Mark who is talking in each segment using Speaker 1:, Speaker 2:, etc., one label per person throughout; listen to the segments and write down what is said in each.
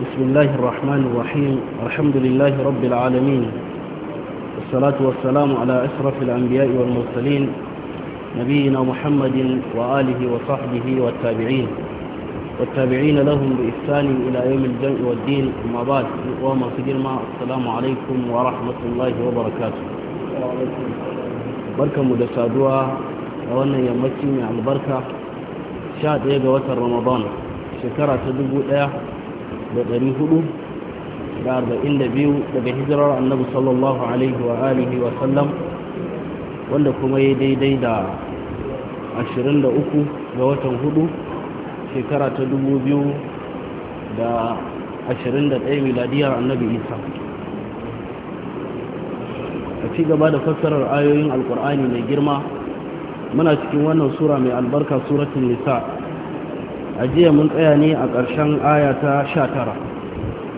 Speaker 1: بسم الله الرحمن الرحيم الحمد لله رب العالمين والصلاة والسلام على أشرف الأنبياء والمرسلين نبينا محمد وآله وصحبه والتابعين والتابعين لهم بإحسان إلى يوم الجمع والدين أما بعد وما سجلنا السلام عليكم ورحمة الله وبركاته بركة مدسادوة وأن يمتي مع البركة شاد إيجا وتر رمضان شكرا تدبو إيه da ɗari hudu da arba'in da biyu daga hijirar annabi sallallahu alaihi wa alihi wa sallam wanda kuma ya daidai da ashirin da uku ga watan hudu shekara ta dubu biyu da ashirin da ɗaya miladiyar annabi isa a ci gaba da fassarar ayoyin alkur'ani mai girma muna cikin wannan sura mai albarka suratun nisa a jiya mun tsaya ne a ƙarshen aya ta sha tara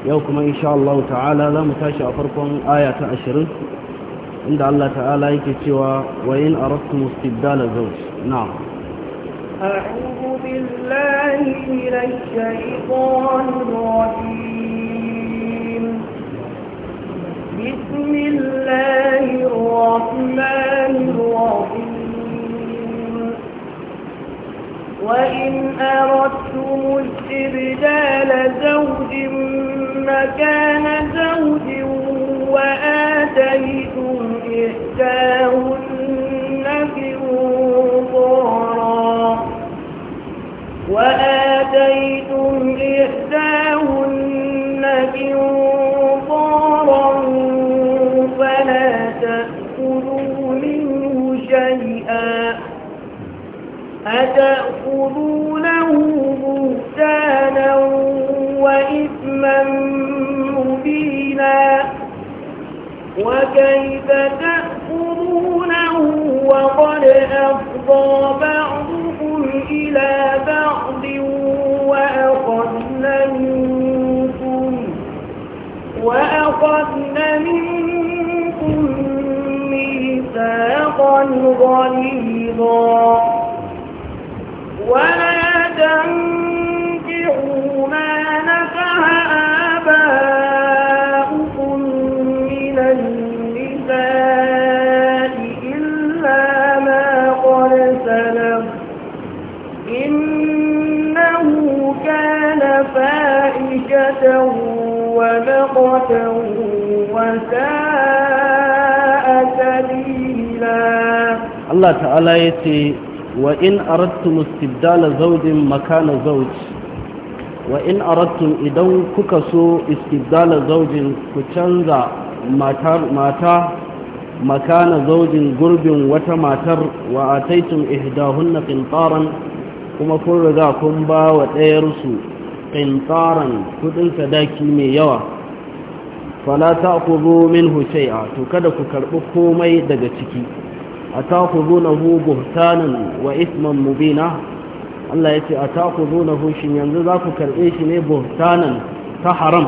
Speaker 1: yau kuma insha Allah ta'ala za mu tashi a farkon aya ta ashirin inda Allah ta'ala yake cewa wa in aradtum istibdala zawj na'am
Speaker 2: a'udhu billahi minash shaitanir rajim bismillahir rahmanir rahim وإن أردتم استبدال زوج مكان زوج وآتيتم إحداهن قنطارا وآتيتم إحداهن قنطارا فلا تأكلوا منه شيئا أتأخذونه بهتانا وإثما مبينا وكيف تأخذونه وقد أفضى بعضكم إلى بعض وأخذنا منكم وأخذنا منكم ميثاقا غليظا ولا تنكحوا ما نكح آباؤكم من النساء إلا ما قد سلف إنه كان فائشة ومقتا وساء سبيلا
Speaker 1: الله تعالى يتي وإن أردتم استبدال زوج مكان زوج وإن أردتم إذا ككسو استبدال زوج كتنزا ماتا مكان زوج قرب وتماتر وآتيتم إهداهن قنطارا كما كل ذا كنبا وتيرسو قنطارا كتن سداكي ميوا فلا تأخذوا منه شيئا تكدك كربكو ميدك تكي atakuzunahu buhtanan wa isman mubina Allah yace atakuzunahu shin yanzu zaku karbe shi ne buhtanan ta haram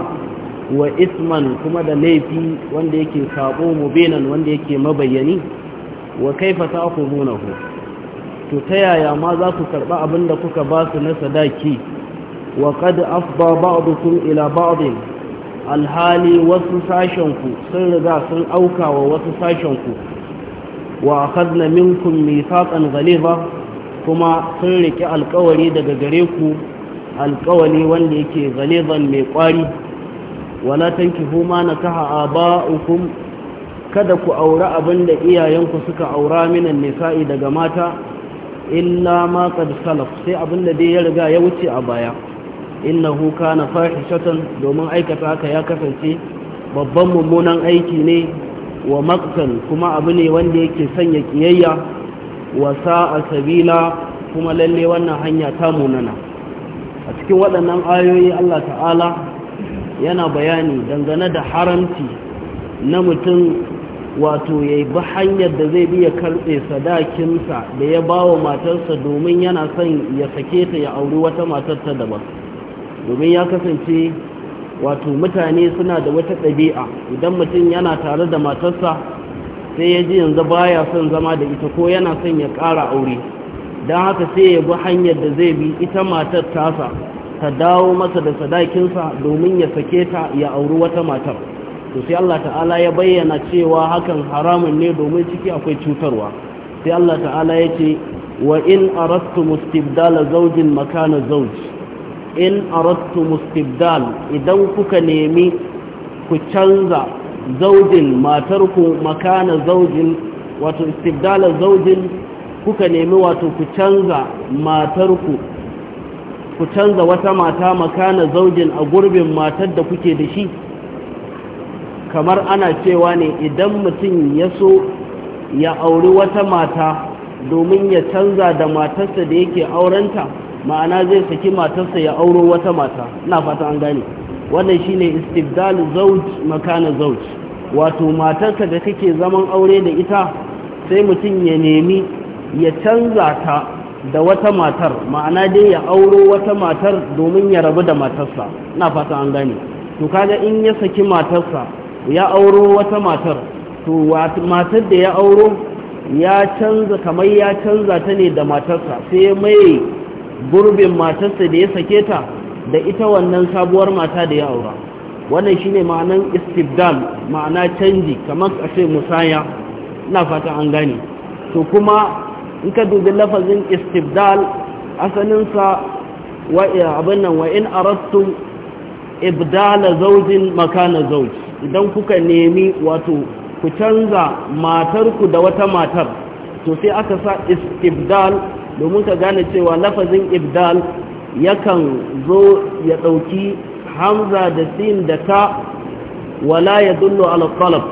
Speaker 1: wa isman kuma da laifi wanda yake sabo mubinan wanda yake mabayyani wa kaifa takuzunahu to ta yaya ma zaku karɓi abinda kuka basu na sadaki wa qad afda ba'dukum ila ba'd alhali wasu sashanku sun riga sun auka wa wasu sashen ku. wa akhadna minkum mithaqan ghaliza kuma sun rike alkawari daga gare ku alkawari wanda yake ghalizan mai kwari wala tankihu ma nakaha aba'ukum kada ku aura abinda iyayenku suka aura minan nisa'i daga mata illa ma qad salaf sai abinda dai ya riga ya wuce a baya innahu kana fahishatan domin aikata haka ya kasance babban mummunan aiki ne wa maktan kuma abu ne wanda yake sanya kiyayya wa sa'a sabila kuma lalle wannan hanya ta munana a cikin waɗannan ayoyi Allah ta'ala yana bayani dangane da haramci na mutum wato ya bi hanyar da zai biya karɓe sadakinsa da ya ba wa matarsa domin yana son ya sake ta ya auri wata matar ta daban domin ya kasance wato mutane suna da wata ɗabi'a idan mutum yana tare da matarsa sai ya ji yanzu baya son zama da ita ko yana son ya ƙara aure don haka sai ya bi hanyar da zai bi ita matar tasa ta dawo masa da sadakinsa domin ya sake ta ya auri wata matar to sai Allah ta'ala ya bayyana cewa hakan haramun ne domin ciki akwai cutarwa sai Allah ta'ala ya ce wa in arastu mustibdala zawjin makana zawji in aradtu mustibdal idan kuka nemi ku canza zaujin matarku makana zaujin wato istibdala zaujin kuka nemi wato ku canza matarku ku canza wata mata makana zaujin a gurbin matar da kuke da shi kamar ana cewa ne idan mutum ya so ya auri wata mata domin ya canza da matarsa da yake aurenta ma'ana zai saki matarsa ya auro wata mata ina fata an gane wannan shine istibdal zauj makana zauj wato matarka da kake zaman aure da ita sai mutum ya nemi ya canza ta da wata matar ma'ana dai ya auro wata matar domin ya rabu da matarsa ina fata an gane to kaga in ya saki matarsa ya auro wata matar to matar da ya auro ya canza kamar ya canza ta ne da matarsa sai mai gurbin matarsa da ya sake ta da ita wannan sabuwar mata da ya aura wannan shine ma'anan istibdal ma'ana canji kamar a ce musaya ina fata an gane to kuma in ka dubi lafazin istibdal asalinsa abin nan wa in arattum ibdala zaujin makana zauj idan kuka nemi wato ku canza matar ku da wata matar to sai aka sa istibdal domin ka gane cewa lafazin ibdal yakan zo ya ɗauki hamza da sin da ka wala ya dullo alaƙalaf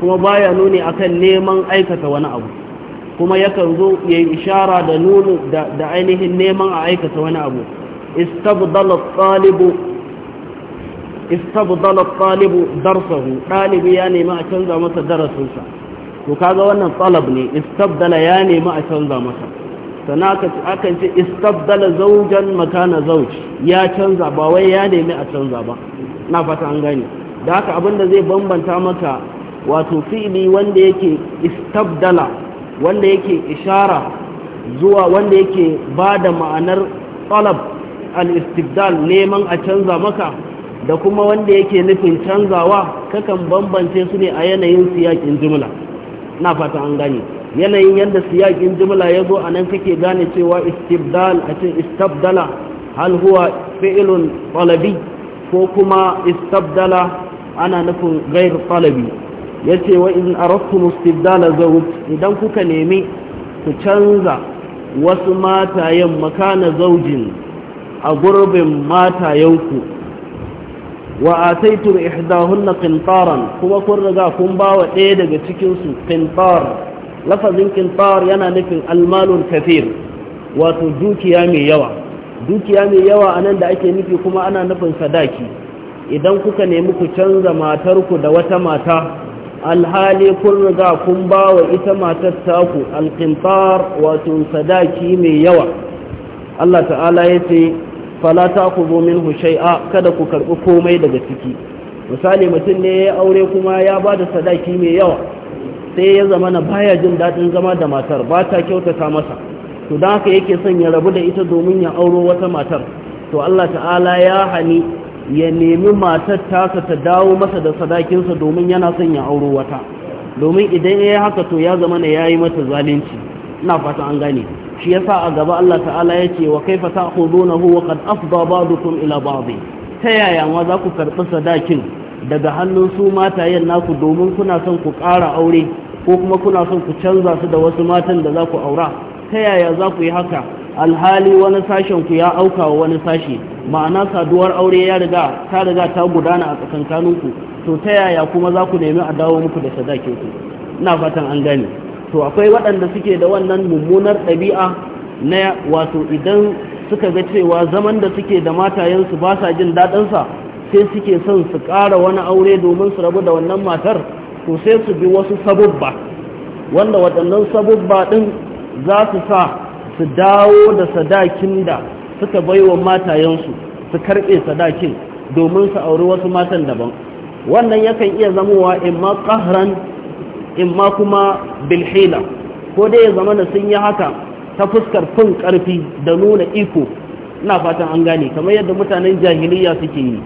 Speaker 1: kuma baya nuni akan neman aikata wani abu kuma yakan zo ya yi ishara da nuni da ainihin neman a aikata wani abu istabdala talibu darsahu ɗalibi ya nemi a canza masa darasinsa to kaga wannan ɗalab ne istabdala ya nemi a canza masa sana akan ce istabdala zaujan makana zauj ya canza ba wai ya nemi a canza ba na fata an gane da haka abinda zai bambanta maka wato fili wanda yake istabdala wanda yake ishara zuwa wanda yake ba da ma'anar talab al-istibdal neman a canza maka da kuma wanda yake nufin canzawa kakan bambance su ne a yanayin siyakin jimla na fata an gane yanayin yadda siyakin jimla ya zo a nan kake gane cewa istibdal a cin istabdala hal huwa fi'ilun talabi ko kuma istabdala ana nufin gairu talabi ya ce wa in arattum mustibdala zawj idan kuka nemi ku canza wasu matayen makana zaujin a gurbin matayenku wa a taitun ihdahun na kintaran kuma kun riga kun ba wa ɗaya daga cikinsu su lafazin kintar yana nufin almalun kafir wato dukiya mai yawa dukiya mai yawa anan da ake nufi kuma ana nufin sadaki idan kuka nemi ku canza matarku da wata mata alhali kun riga kun ba wa ita matar taku alkintar wato sadaki mai yawa Allah ta'ala ya ce fala ta ku zo min hushai'a kada ku karɓi komai daga ciki misali mutum ne ya aure kuma ya ba da sadaki mai yawa sai ya zama na baya jin daɗin zama da matar ba ta kyautata masa to don haka yake son ya rabu da ita domin ya auro wata matar to Allah ta'ala ya hani ya nemi matar tasa ta dawo masa da sadakinsa domin yana son ya auro wata domin idan ya haka to ya zama na yayi mata zalunci ina fata an gane shi yasa a gaba Allah ta'ala ya ce wa kaifa ta'khudunahu wa qad afda ba'dukum ila ba'd ta yaya ma za ku karɓi sadakin daga hannun su matayen naku domin kuna son ku ƙara aure ko kuma kuna son ku canza su da wasu matan da za ku aura ta yaya za ku yi haka alhali wani sashen ku ya auka wa wani sashi ma'ana saduwar aure ya riga ta riga ta gudana a tsakankanin ku to ta yaya kuma za ku nemi a dawo muku da sadaki ku ina fatan an gane to akwai waɗanda suke da wannan mummunar ɗabi'a na wato idan suka ga cewa zaman da suke da matayensu ba sa jin daɗinsa sai suke son su ƙara wani aure domin su rabu da wannan matar to sai su bi wasu sabubba wanda waɗannan sabubba ɗin za su sa su dawo da sadakin da suka baiwa matayensu su karɓe sadakin domin su auri wasu matan daban wannan yakan iya zamowa ma ƙahran imma kuma bilhila ko dai ya zama da sun yi haka ta fuskar fin ƙarfi da nuna iko na fatan an gane kamar yadda mutanen jahiliya suke yi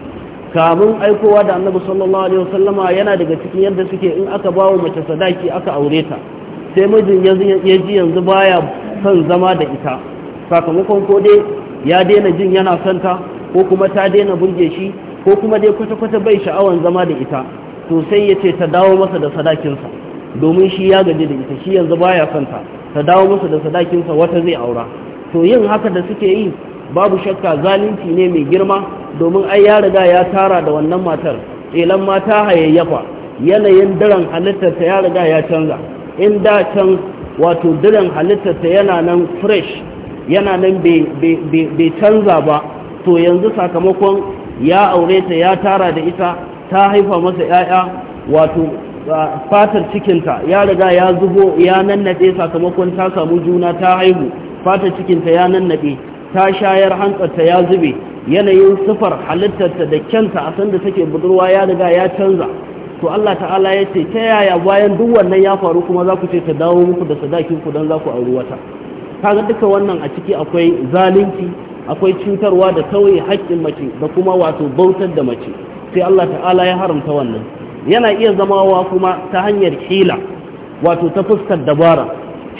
Speaker 1: kamun aikowa da annabi sallallahu alaihi wasallama yana daga cikin yadda suke in aka bawo mace sadaki aka aure ta sai mijin ya ji yanzu baya son zama da ita sakamakon ko dai ya daina jin yana son ta ko kuma ta daina burge shi ko kuma dai kwata-kwata bai sha'awan zama da ita to sai ya ce ta dawo masa da sadakinsa domin shi ya gaji da ita shi yanzu baya son ta ta dawo masa da sadakinsa wata zai aura to yin haka da suke yi babu shakka zalunci ne mai girma domin ai ya riga ya tara da wannan matar ilan mata hayayyafa yanayin daren halittarta ya riga ya canza in da can wato daren halittarta yana nan fresh yana nan bai canza ba to yanzu sakamakon ya aure ta ya tara da ita ta haifa masa 'ya'ya wato fatar cikinta ya riga ya zubo ya nannaɗe sakamakon ta samu juna ta haihu fatar cikinta ya nannaɗe ta shayar hantsarta ya zube yanayin sifar halittarta da kyanta a sanda take budurwa ya riga ya canza to Allah ta'ala ya ce ta yaya bayan duk wannan ya faru kuma za ku ce ta dawo muku da sadakin ku don za ku auri wata kaga duka wannan a ciki akwai zalunci akwai cutarwa da tauye haƙƙin mace da kuma wato bautar da mace sai Allah ta'ala ya haramta wannan yana iya zama wa kuma ta hanyar hila wato ta fuskar dabara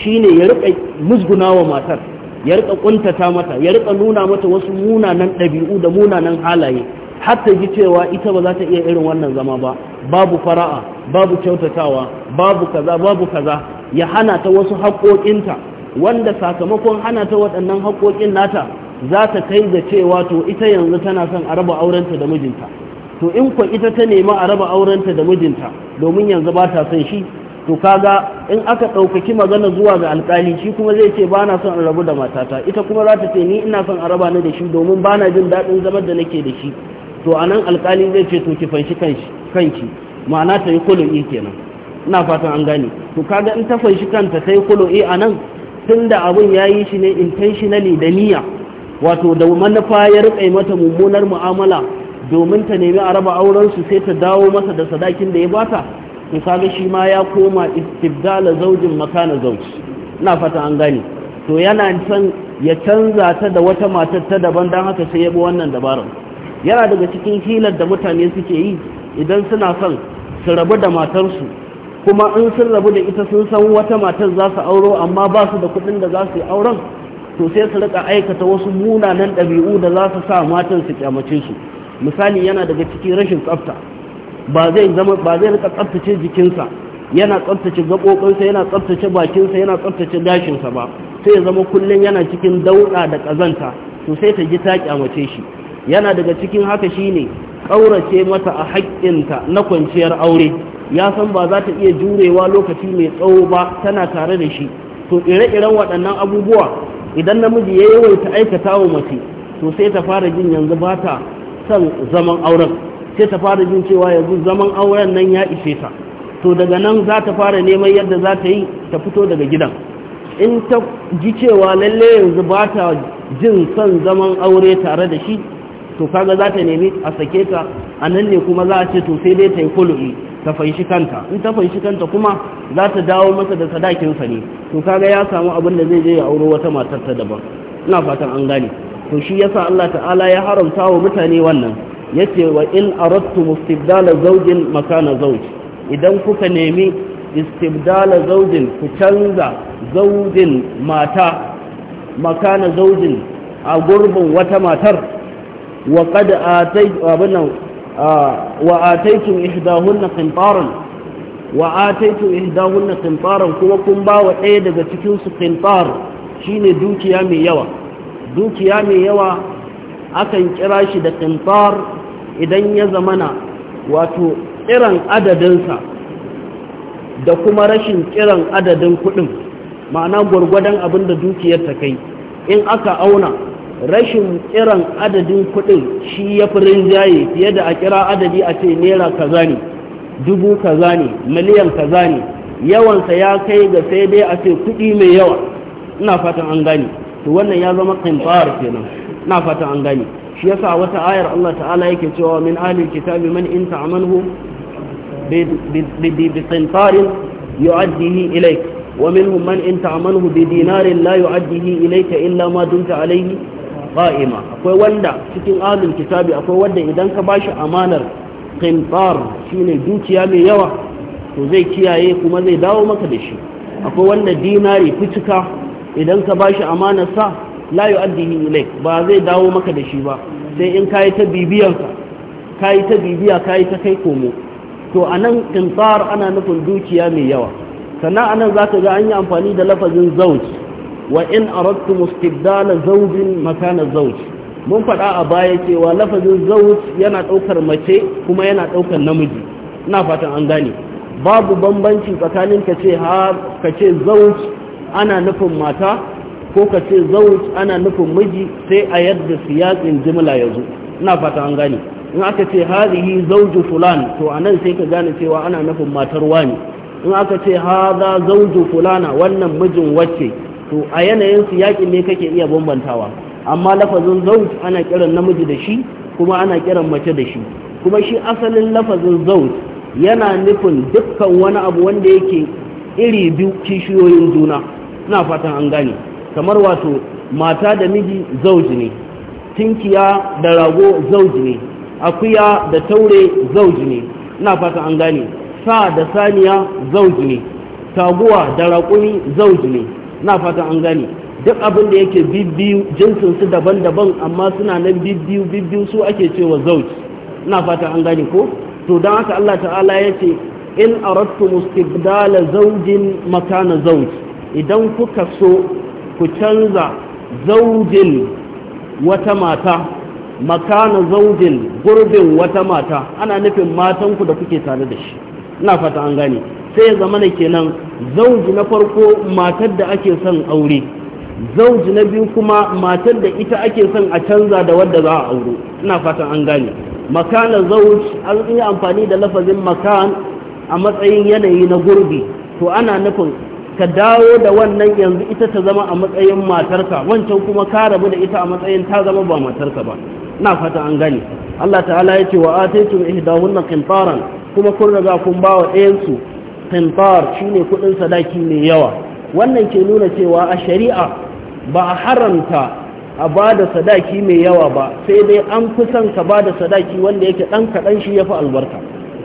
Speaker 1: shine ya riƙa musgunawa matar ya rika kuntata mata ya rika nuna mata wasu munanan ɗabi'u da munanan halaye hatta ji cewa ita ba za ta iya irin wannan zama ba babu fara'a babu kyautatawa babu kaza babu kaza ya hana ta wasu haƙoƙinta wanda sakamakon hana ta waɗannan haƙoƙin nata za ta kai ga cewa to ita yanzu tana son a raba aurenta da mijinta to in ko ita ta nemi a raba aurenta da mijinta domin yanzu ba ta son shi to kaga in aka ɗaukaki magana zuwa ga alƙali shi kuma zai ce ba na son in rabu da matata ita kuma za ta ce ni ina son a raba ni da shi domin ba na jin daɗin zamar da nake da shi to a nan alƙali zai ce to ki fanshi kanki ma'ana ta yi e kenan ina fatan an gane to kaga in ta fanshi kanta ta yi e a nan tun da abin ya yi shi ne intentionally da niyya wato da manufa ya riƙa mata mummunar mu'amala domin ta nemi a raba auren su sai ta dawo masa da sadakin da ya bata to kaga shi ma ya koma istibdala zaujin makana zauci ina fata an gane to yana san ya canza ta da wata matar ta daban don haka sai ya bi wannan dabarar yana daga cikin hilar da mutane suke yi idan suna son su rabu da matarsu kuma in sun rabu da ita sun san wata matar za su auro amma ba su da kuɗin da za su yi auren to sai su rika aikata wasu munanan ɗabi'u da za su sa matan su kyamace su misali yana daga cikin rashin tsafta ba zai zama ba zai rika tsaftace jikinsa yana tsaftace gaɓoɓinsa yana tsaftace bakinsa yana tsaftace gashinsa ba sai ya zama kullum yana cikin dauɗa da ƙazanta to sai ta ji ta kyamace shi yana daga cikin haka shi ne ƙaurace mata a haƙƙinta na kwanciyar aure ya san ba za ta iya jurewa lokaci mai tsawo ba tana tare da shi to ire-iren waɗannan abubuwa idan namiji ya yawaita aikata wa mace to sai ta fara jin yanzu ba ta son zaman auren sai ta fara jin cewa yanzu zaman auren nan ya ishe ta to daga nan za ta fara neman yadda za ta yi ta fito daga gidan in ta ji cewa lalle yanzu ba ta jin son zaman aure tare da shi to kaga za ta nemi a sake ta a nan ne kuma za a ce to sai dai ta yi kulu'i ta fanshi kanta in ta fanshi kanta kuma za ta dawo masa da sadakin sa ne to kaga ya samu abin da zai je ya auro wata matar ta daban ina fatan an gane to shi yasa Allah ta'ala ya haramta wa mutane wannan yace wa in aradtu istibdala zawjin makana zawj idan kuka nemi istibdala zawjin ku canza zawjin mata makana zawjin a gurbin wata matar wa qad atay abunan wa ataytum ihdahunna qintaran wa ataytum ihdahunna qintaran kuma kun ba wa ɗaya daga cikin su qintar shine dukiya mai yawa dukiya mai yawa akan kira shi da qintar idan ya zamana wato kiran adadinsa da kuma rashin kiran adadin kuɗin, ma'ana gwargwadon abin da dukiyar ta kai in aka auna rashin kiran adadin kuɗin shi ya fi rinjaye fiye da a kira adadi a ce naira kaza ne dubu kaza ne miliyan kaza ne yawansa ya kai ga sai dai a ce kuɗi mai yawa ina fatan an gani to wannan ya zama kimfar kenan na fata an gani shi yasa wata ayar Allah ta'ala yake cewa min ahlil kitabi man in ta'amanhu bi qintarin yu'addihi ilayk wa minhum man in ta'amanhu bi dinarin la yu'addihi ilayka illa ma dumta alayhi qa'ima akwai wanda cikin ahlul kitabi akwai wanda idan ka bashi amanar qintar shine dukiya mai yawa to zai kiyaye kuma zai dawo maka da shi akwai wanda dinari fituka idan ka bashi amanar sa la yu'addihi ilai ba zai dawo maka da shi ba sai in kayi ta ka kayi ta bibiya kayi ta kai komo to anan qintar ana nufin dukiya mai yawa sannan anan ka ga an yi amfani da lafazin zauj wa in aradtum mustibdala zawjin makana zawj mun faɗa a baya cewa lafazin zauj yana ɗaukar mace kuma yana ɗaukar namiji ina fatan an gane babu bambanci tsakanin ka ce ha ka ce ana nufin mata ko ka ce zauj ana nufin miji sai a yadda siyasin jimla ya zo ina fata an gane in aka ce hazihi zauju fulan to anan sai ka gane cewa ana nufin matar wani in aka ce haza zauju fulana wannan mijin wacce to a yanayin siyakin ne kake iya bambantawa amma lafazin zauj ana kiran namiji da shi kuma ana kiran mace da shi kuma shi asalin lafazin zauj yana nufin dukkan wani abu wanda yake iri biyu kishiyoyin juna ina fatan an gane kamar wato mata da miji zauji ne tinkiya da rago zauji ne akuya da taure zauji ne ina fata an gane sa da saniya zauji ne taguwa da raƙumi zauji ne ina fata an gane duk abin da yake bibbiyu jinsin su daban-daban amma suna nan bibbiyu bibbiyu su ake cewa zauji ina fata an gane ko to don haka Allah ta'ala ya ce in arattu mustibdala zaujin makana zauji idan kuka so ku canza zaujin wata mata makana zaujin gurbin wata mata ana nufin matanku da kuke tare da shi ina fata an gane sai ya zama na kenan zauji na farko matar da ake son aure zauji na biyu kuma matar da ita ake son a canza da wadda za a aure. ina fatan an gane makana zauj an yi amfani da lafazin makan a matsayin yanayi na gurbi to ana nufin ka dawo da wannan yanzu ita ta zama a matsayin matarka wancan kuma ka rabu da ita a matsayin ta zama ba matarka ba na fata an gani. Allah ta'ala ya ce wa ataitum ihdahunna qintaran kuma kun riga kun ba wa ɗayan su qintar shine kudin sadaki mai yawa wannan ke nuna cewa a shari'a ba a haramta a ba da sadaki mai yawa ba sai dai an kusan ka ba da sadaki wanda yake dan kaɗan shi ya fi albarka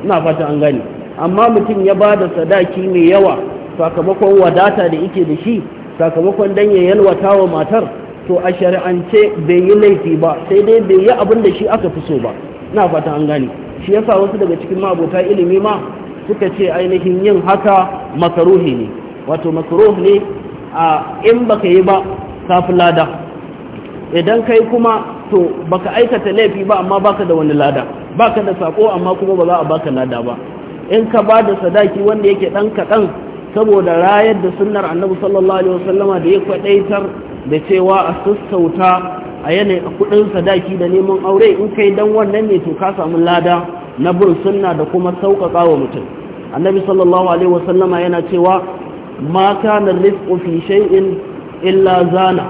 Speaker 1: na fata an gani. amma mutum ya ba da sadaki mai yawa sakamakon wadata da yake da shi sakamakon dan ya yalwata wa matar to a shari'ance bai yi laifi ba sai dai bai yi abin da shi aka fi so ba na fata an gane shi yasa wasu daga cikin mabota ilimi ma suka ce ainihin yin haka makaruhi ne wato makaruhi ne a in baka yi ba kafi lada idan kai kuma to baka aikata laifi ba amma baka da wani lada baka da sako amma kuma ba za a baka lada ba in ka ba da sadaki wanda yake dan kaɗan saboda rayar da sunnar annabi sallallahu alaihi wasallama da ya kwadaitar da cewa a sassauta a yanayin kudin sadaki da neman aure in kai dan wannan ne to ka samu lada na bin sunna da kuma sauƙaƙa wa mutum annabi sallallahu alaihi wasallama yana cewa ma kana rizqu fi shay'in illa zana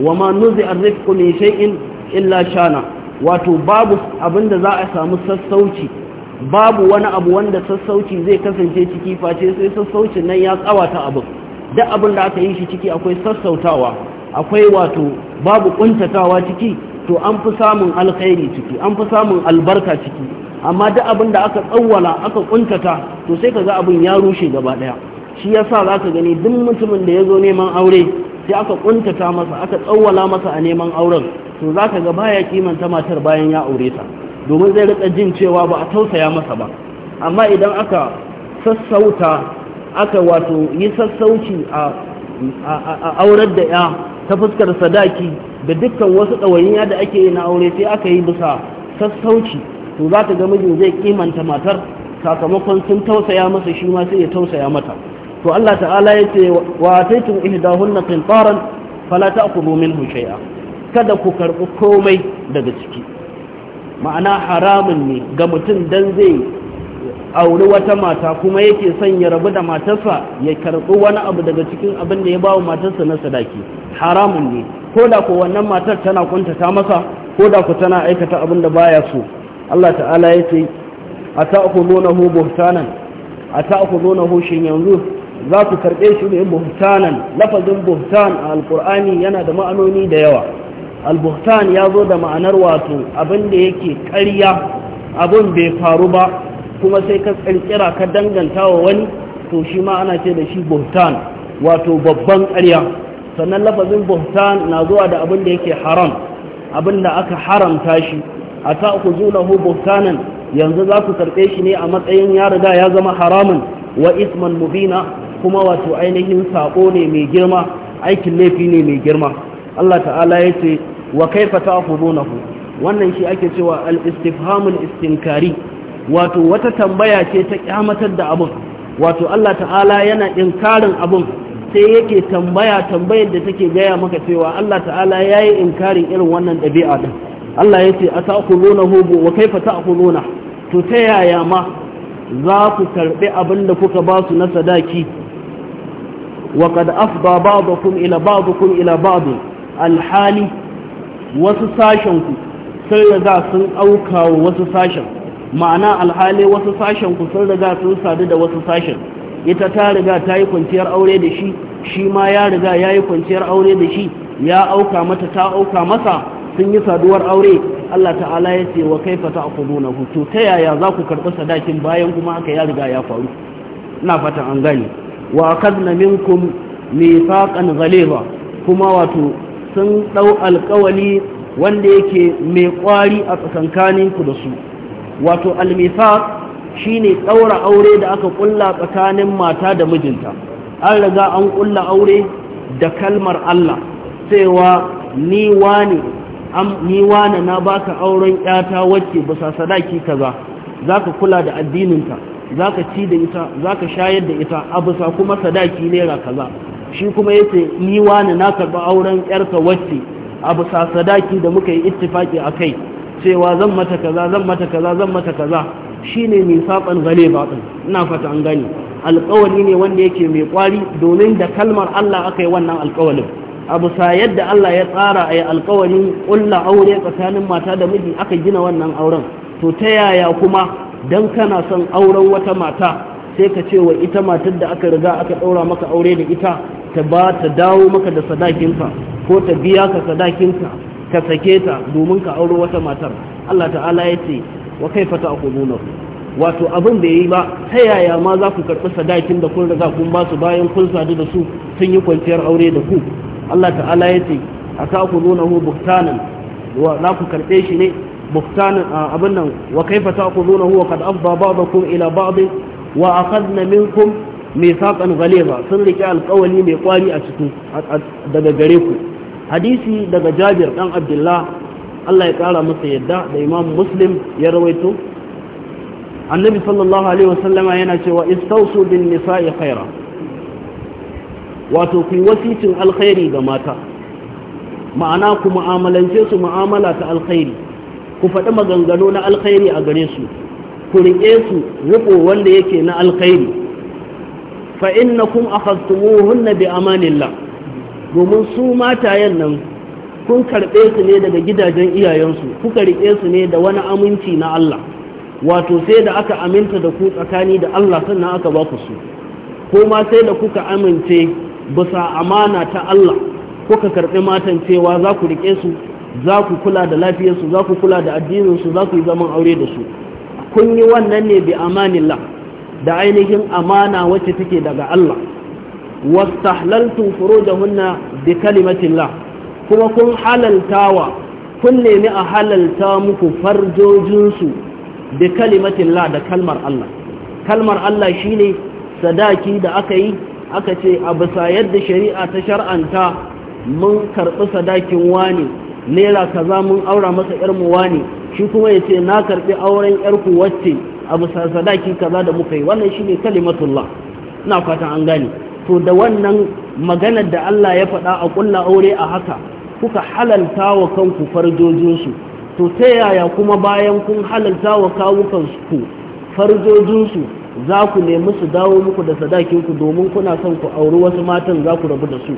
Speaker 1: wa ma nuzi'a rizqu min shay'in illa shana wato babu abinda za a samu sassauci babu wani abu wanda sassauci zai kasance ciki face sai sassauci nan ya tsawata abin duk abin da aka yi shi ciki akwai sassautawa akwai wato babu kuntatawa ciki to an fi samun alkhairi ciki an fi samun albarka ciki amma duk abin da aka tsawwala aka kuntata to sai kaga abin ya rushe gaba daya shi yasa zaka gani duk mutumin da ya zo neman aure sai aka kuntata masa aka tsawwala masa a neman auren to zaka ga baya kimanta matar bayan ya aure ta domin zai rika jin cewa ba a tausaya masa ba amma idan aka sassauta aka wato yi sassauci a aurar da ya ta fuskar sadaki da dukkan wasu ya da ake yi na aure sai aka yi bisa sassauci to za ta ga mijin zai kimanta matar sakamakon sun tausaya masa shi ma sai ya tausaya mata to Allah ta'ala ya ce wa taitum ihdahunna qintaran fala ta'khudhu minhu shay'a kada ku karɓi komai daga ciki ma'ana haramun ne ga mutum don zai auri wata mata kuma yake son ya rabu da matarsa ya karɓi wani abu daga cikin abin da ya bawa matarsa na sadaki haramun ne ko da ko wannan matar tana kuntata masa ko da ku tana aikata abin da baya so Allah ta'ala ya ce a hu buhtanan a hu shin yanzu za ku karɓe shi ne buhtanan lafazin buhtan a alƙur'ani yana da ma'anoni da yawa albuhtan ya zo da ma'anar wato abin da yake ƙarya abin bai faru ba kuma sai ka tsirkira ka danganta wa wani to shi ma ana ce da shi buhtan wato babban ƙarya sannan lafazin buhtan na zuwa da abin da yake haram abin da aka haramta shi a ta ku hu buhtanan yanzu za ku karɓe shi ne a matsayin ya riga ya zama haramun wa isman mubina kuma wato ainihin saƙo ne mai girma aikin laifi ne mai girma Allah ta'ala ya ce wa kaifa ta'khudunahu wannan shi ake cewa al-istifhamul istinkari wato wata tambaya ce ta kyamatar da abun wato Allah ta'ala yana inkarin abun sai yake tambaya tambayar da take gaya maka cewa Allah ta'ala yayi inkarin irin wannan dabi'a din Allah yace ata'khudunahu wa kaifa ta'khuduna to ta yaya ma za ku karbi abin da kuka ba su na sadaki wa qad afda ba'dukum ila ba'dukum ila ba'd al-hali wasu sashen ku sun riga sun auka wasu sashen ma'ana alhali wasu sashen ku sun riga sun sadu da wasu sashen ita ta riga ta yi kwanciyar aure da shi shi ma ya riga ya yi kwanciyar aure da shi ya auka mata ta auka masa sun yi saduwar aure Allah ta'ala ya ce wa kaifa ta'khuduna to ta yaya za ku karɓi sadakin bayan kuma aka ya riga ya faru ina fatan an gane wa akadna minkum mithaqan ghaliza kuma wato sun ɗau alkawali wanda yake mai ƙwari a tsakankaninku da su wato almifaq ne ɗaura aure da aka ƙulla tsakanin mata da mijinta an riga an ƙulla aure da kalmar Allah cewa ni wane na baka auren ƴata wacce bisa sadaki kaza ka kula da addininta Za ka ci da ita Za ka shayar da ita a bisa kuma sadaki naira kaza shi kuma yace ni wani na karɓi auren yarka wacce abu sasadaki da muka yi ittifaki a kai cewa zan mata kaza zan mata kaza zan mata kaza shine misaqan ba din ina fata an gani alƙawali ne wanda yake mai ƙwari domin da kalmar Allah aka yi wannan alƙawalin abu sa yadda Allah ya tsara a yi alƙawarin ƙulla aure tsakanin mata da miji aka gina wannan auren to ta yaya kuma dan kana son auren wata mata sai ka ce wa ita matar da aka riga aka ɗaura maka aure da ita ta ba ta dawo maka da sadakinka ko ta biya ka sadakinka ka sake ta domin ka auro wata matar Allah ta'ala ya ce wa kai a ta'khuduna wato abin da yi ba ta yaya ma za ku karɓi sadakin da kun riga kun ba su bayan kun sadu da su sun yi kwanciyar aure da ku Allah ta'ala ya ce a ku hu buktanan wa za ku karɓe shi ne buktanan abin nan wa kai kaifa hu wa ba ba ba'dakum ila ba'd wa akhadna minkum mithaqan ghaliza sun rike alƙawali mai kwari a cikin daga gare ku hadisi daga Jabir dan Abdullah Allah ya kara masa yadda da Imam Muslim ya rawaito Annabi sallallahu alaihi wasallama yana cewa istawsu bin nisa'i khaira wato ku wasicin alkhairi ga mata ma'ana ku mu'amalance su mu'amala ta alkhairi ku faɗi maganganu na alkhairi a gare su ku riƙe su riƙo wanda yake na alkhairi fa innakum akhadtumuhunna bi amanillah domin su matayen nan kun karɓe su ne daga gidajen iyayensu kuka riƙe su ne da wani aminci na Allah wato sai da aka aminta da ku tsakani da Allah sannan aka ba ku su ko ma sai da kuka amince bisa amana ta Allah kuka karɓi matan cewa za ku riƙe su za ku kula da lafiyarsu za ku kula da addininsu za ku yi zaman aure da su kun yi wannan ne bi amanillah da ainihin amana wacce take daga Allah wastahlaltu furujahunna bi kalimatillah kuma kun halaltawa kun nemi a halalta muku farjojinsu bi kalimatillah da kalmar Allah kalmar Allah shine sadaki da aka yi aka ce a bisa yadda shari'a ta shar'anta mun karɓi sadakin wani naira kaza mun aura masa yar mu ne shi kuma ya ce na karɓi auren yar ku wacce abu sadaki kaza da muka yi wannan shine kalimatullah ina fatan an gane to da wannan maganar da Allah ya faɗa a ƙulla aure a haka kuka halalta wa kanku farjojinsu to ta yaya kuma bayan kun halalta wa kawukansu farjojinsu za ku nemi su dawo muku da sadakinku domin kuna son ku auri wasu matan za ku rabu da su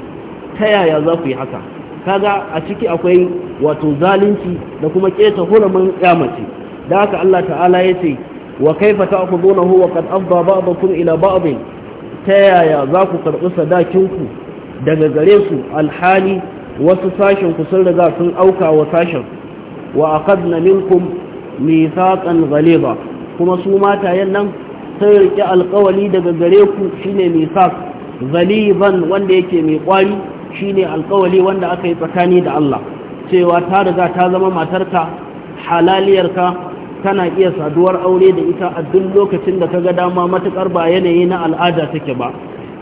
Speaker 1: ta yaya za ku yi haka kaga a ciki akwai wato zalunci da kuma keta hurumin kyamace da haka Allah ta'ala ya ce wa kaifa ta'khudunahu wa qad afda ba'dakum ila ba'd ta yaya za ku karɓi sadakinku daga gare su alhali wasu sashen ku sun riga sun auka wa sashen wa aqadna minkum mithaqan ghaliza kuma su mata nan sun rike alƙawali daga gare ku shine mithaq ghaliban wanda yake mai ƙwari Shi ne alkawali wanda aka yi tsakani da Allah cewa ta riga ta zama matarka halaliyarka tana iya saduwar aure da ita a duk lokacin da ta ga dama matuƙar ba yanayi na al'ada take ba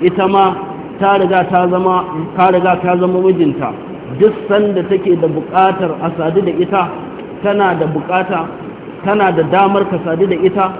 Speaker 1: ita ma ta riga ta zama ka riga ta zama mijinta duk sanda take da buƙatar a sadu da ita tana da buƙata tana da damar ka sadu da ita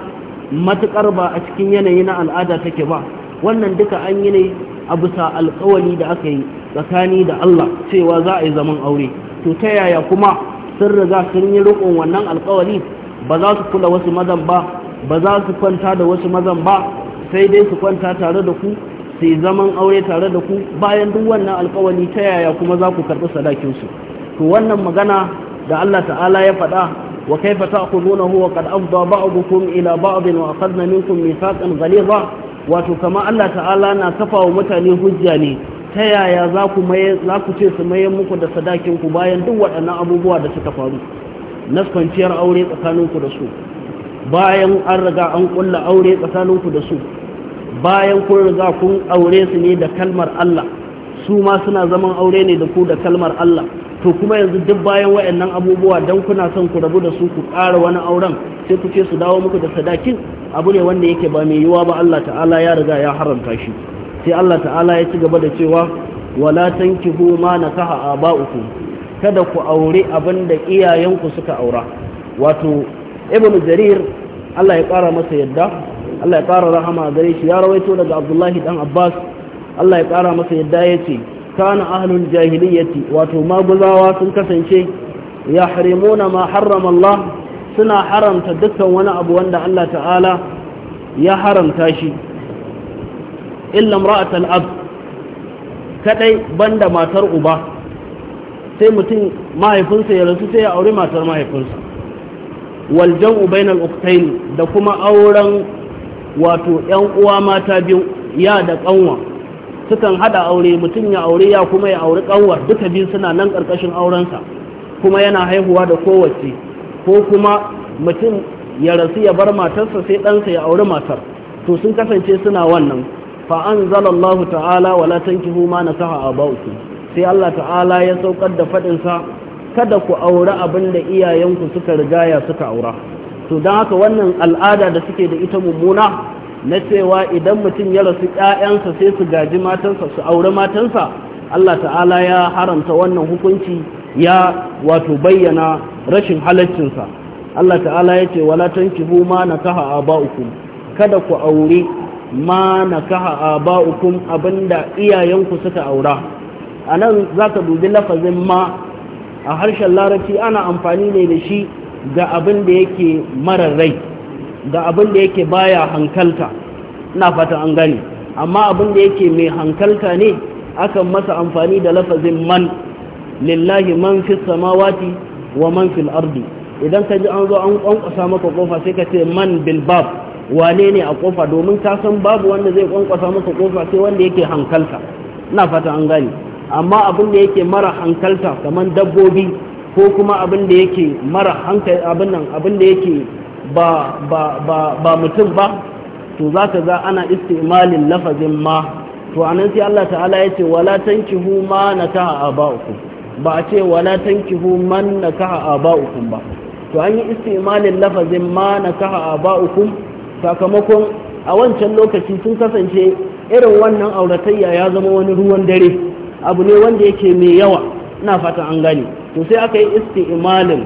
Speaker 1: matuƙar ba a cikin yanayi na al'ada take ba wannan duka an yi ne a bisa alƙawali da aka yi tsakani da Allah cewa za a yi zaman aure to ta yaya kuma sun riga sun yi riƙon wannan alƙawari ba za su kula wasu mazan ba ba za su kwanta da wasu mazan ba sai dai su kwanta tare da ku su zaman aure tare da ku bayan duk wannan alƙawari ta yaya kuma za ku karɓi su? to wannan magana da Allah ta'ala ya faɗa wa kaifa ta'khudunahu wa qad afda ba'dukum ila ba'd wa akhadna minkum mithaqan ghaliza wato kama Allah ta'ala na kafa wa mutane hujja ne ta yaya za ku ce su mayan muku da sadakinku bayan duk waɗannan abubuwa da suka faru na kwanciyar aure tsakaninku da su bayan an riga an ƙulla aure tsakaninku da su bayan kun riga kun aure su ne da kalmar Allah su ma suna zaman aure ne da ku da kalmar Allah to kuma yanzu duk bayan waɗannan abubuwa don kuna son ku rabu da su ku ƙara wani auren sai ku ce su dawo muku da sadakin abu ne wanda yake ba mai yiwuwa ba Allah ta'ala ya riga ya haramta shi sai Allah ta'ala ya ci gaba da cewa wala tankihu ma nakaha uku kada ku aure abin da iyayenku suka aura wato ibnu jarir Allah ya ƙara masa yadda Allah ya ƙara rahama gare shi ya rawaito daga Abdullahi dan Abbas Allah ya ƙara masa yadda yace kana ahlul jahiliyyati wato maguzawa sun kasance yahrimuna ma harrama Allah suna haramta dukkan wani abu wanda Allah ta'ala ya haramta shi illa imra'atal ab kadai banda matar uba sai mutum mahaifinsa ya rasu sai ya aure matar mahaifinsa wal jam'u bainal ukhtayn da kuma auren wato yan uwa mata biyu ya da kanwa sukan hada aure mutum ya aure ya kuma ya aure kanwar duka biyu suna nan karkashin aurensa kuma yana haihuwa da kowace ko kuma mutum ya rasu ya bar matarsa sai ɗansa ya auri matar to sun kasance suna wannan fa Allah ta'ala wala tankihu ma nasaha abaukum sai Allah ta'ala ya saukar da fadin sa kada ku aure abinda iyayenku suka rigaya suka aura to don haka wannan al'ada da suke da ita mummuna na cewa idan mutum ya rasu ƴaƴansa sai su gaji matansa su aure matansa Allah ta'ala ya haramta wannan hukunci ya wato bayyana rashin halaccinsa Allah ta'ala ya ce wala tankihu ma nakaha aba'ukum kada ku aure ma nakaha abin abinda iyayenku suka aura anan zaka dubi lafazin ma a harshen larabci ana amfani ne da shi ga abin da yake marar rai ga abin da yake baya hankalta na fata an gani amma abin da yake mai hankalta ne akan masa amfani da lafazin man lillahi man fi samawati wa man fil ardi idan ka ji an zo an kwankwasa maka kofa sai ka ce man bilbab. bab wane ne a kofa domin ka san babu wanda zai kwankwasa masa kofa sai wanda yake hankalta ina fata an gani. amma abin da yake mara hankalta kamar dabbobi ko kuma abin da yake mara hankali abin nan abin da yake ba ba ba ba mutum ba to za ka ga ana istimalin lafazin ma to anan sai Allah ta'ala ya ce wala tankihu ma nakaha aba'ukum ba a ce wala tankihu man nakaha aba'ukum ba to an yi istimalin lafazin ma nakaha aba'ukum sakamakon a wancan lokaci sun kasance irin wannan auratayya ya zama wani ruwan dare abu ne wanda yake mai yawa ina fata an gani to sai aka yi isti'malin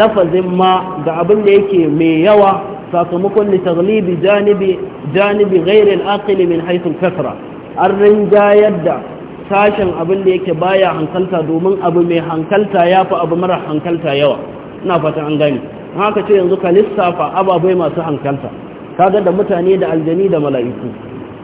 Speaker 1: lafazin ma ga abin da yake mai yawa sakamakon litaglibi janibi janibi ghairil aqil min haythu kasra an rinjayar da sashen abin da yake baya hankalta domin abu mai hankalta ya fi abu mara hankalta yawa ina fata an gani haka ce yanzu ka lissafa ababai masu hankalta kaga da mutane da aljani da mala'iku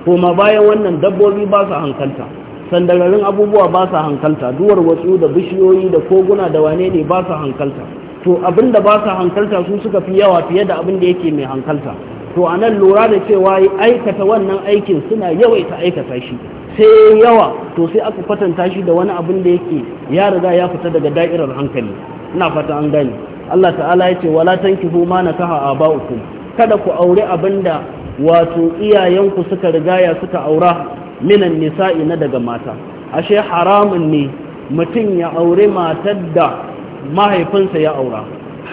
Speaker 1: kuma bayan wannan dabbobi ba su hankalta sandararin abubuwa ba su hankalta duwar watsu da bishiyoyi da koguna da wane ne ba su hankalta to abin da ba su hankalta su suka fi yawa fiye da abin da yake mai hankalta to a nan lura da cewa aikata wannan aikin suna yawaita aikata shi sai yawa to sai aka kwatanta shi da wani abin da yake ya riga ya fita daga da'irar hankali ina fata an gani. Allah ta'ala ya ce wala tankihu ma nakaha aba'ukum kada ku aure abinda wato iyayenku suka rigaya suka aura minan nisa'i na daga mata ashe haramun ne mutum ya aure matar da mahaifinsa ya aura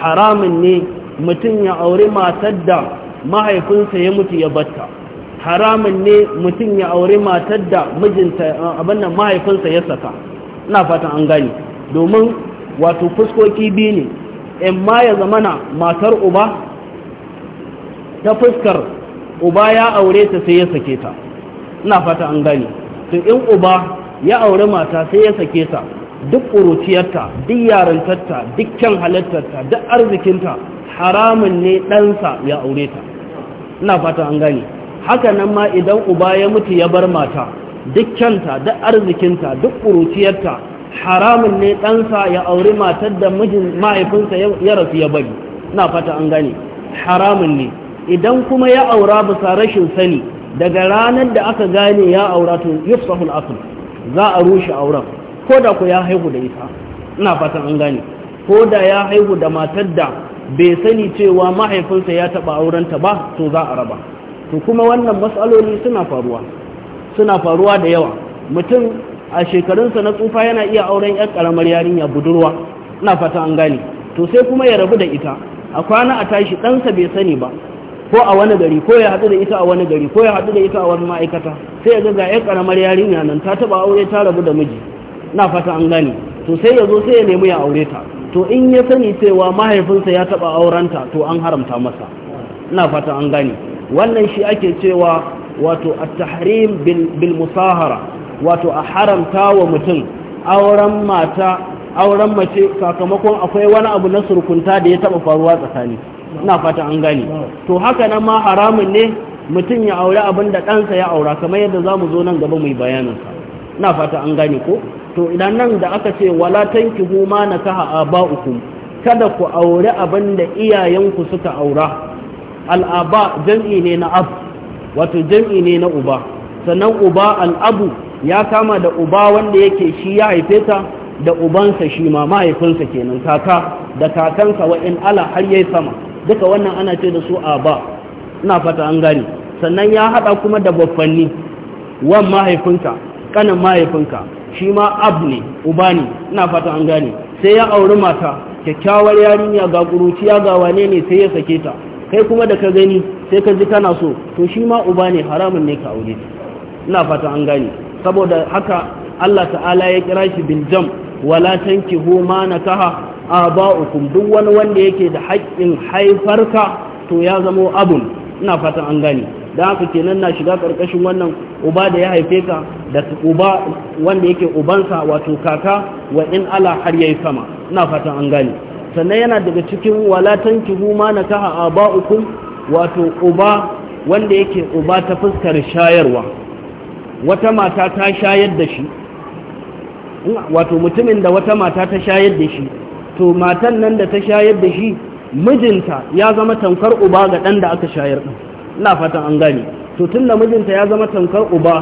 Speaker 1: haramun ne mutum ya aure matar da mahaifinsa ya mutu ya batta haramun ne mutum ya aure matar da mijinta abin nan mahaifinsa ya saka ina fatan an gani domin wato fuskoki biyu ne in ma ya zamana matar uba ta fuskar uba ya aure ta sai ya sake ta ina fata an gani to in uba ya aure mata sai ya sake ta duk ƙuruciyarta duk yarantarta duk kyan halittarta duk arzikinta haramun ne ɗansa ya aure ta ina fata an gani haka nan ma idan uba ya mutu ya bar mata duk kyanta duk arzikinta duk ƙuruciyarta haramun ne ɗansa ya aure matar da mahaifinsa ya rasu ya bari ina fata an gani haramun ne idan kuma ya aura bisa rashin sani daga ranar da aka gane ya aura to yusuful asl za a rushe auren ko da ku ya haihu da ita ina fatan an gane ko da ya haihu da matar da bai sani cewa mahaifinsa ya taɓa aurenta ba to za a raba to kuma wannan matsaloli suna faruwa suna faruwa da yawa mutum a shekarunsa na tsufa yana iya auren 'yar karamar yarinya budurwa ina fatan an gane to sai kuma ya rabu da ita a kwana a tashi ɗansa bai sani ba ko a wani gari ko ya haɗu da ita a wani gari ko ya haɗu da ita a wani ma'aikata sai ya ga ya karamar yarinya nan ta taba aure ta rabu da miji na fata an gani, to sai ya zo sai ya nemi ya aure ta to in ya sani cewa mahaifinsa ya taɓa aurenta to an haramta masa na fata an gani. wannan shi ake cewa wato at-tahrim bil musahara wato a haramta wa mutum auren mata auren mace sakamakon akwai wani abu na surkunta da ya taɓa faruwa tsakani ina fata an gane to haka nan ma haramun ne mutum ya aure abin da ɗansa ya aura kamar yadda za mu zo nan gaba mai bayaninsa ina fata an gane ko to idan nan da aka ce wala tanki hu ma ba uku, kada ku aure abin da iyayenku suka aura al'aba jam'i ne na ab wato jam'i ne na uba sannan uba al'abu ya kama da uba wanda yake shi ya haife ta da ubansa shi ma mahaifinsa kenan kaka da kakansa wa in ala har yayi sama duka wannan ana ce da su aba ina fata an gane sannan ya hada kuma da baffanni wan mahaifinka kanin mahaifinka shi ma ab ne uba ne ina fata an gane sai ya auri mata kyakkyawar yarinya ga kuruciya ga wane ne sai ya sake ta kai kuma da ka gani sai ka ji kana so to shi ma uba ne haramun ne ka aure ina fata an gane saboda haka Allah ta'ala ya kira shi bil jam wala tankihu ma nakaha aba'ukum duk wani wanda yake da haƙƙin haifarka to ya zama abun ina fatan an gani. da haka kenan na shiga karkashin wannan uba da ya haife ka da uba wanda yake ubansa wato kaka wa in ala har yayi sama ina fatan an gani. sannan yana daga cikin walatan ki ma na kaha aba'ukum wato uba wanda yake uba ta fuskar shayarwa wata mata ta shayar da shi wato mutumin da wata mata ta shayar da shi to matan nan da ta shayar da shi mijinta ya zama tankar uba ga ɗan da aka shayar ɗin ina fatan an gane to tun da mijinta ya zama tankar uba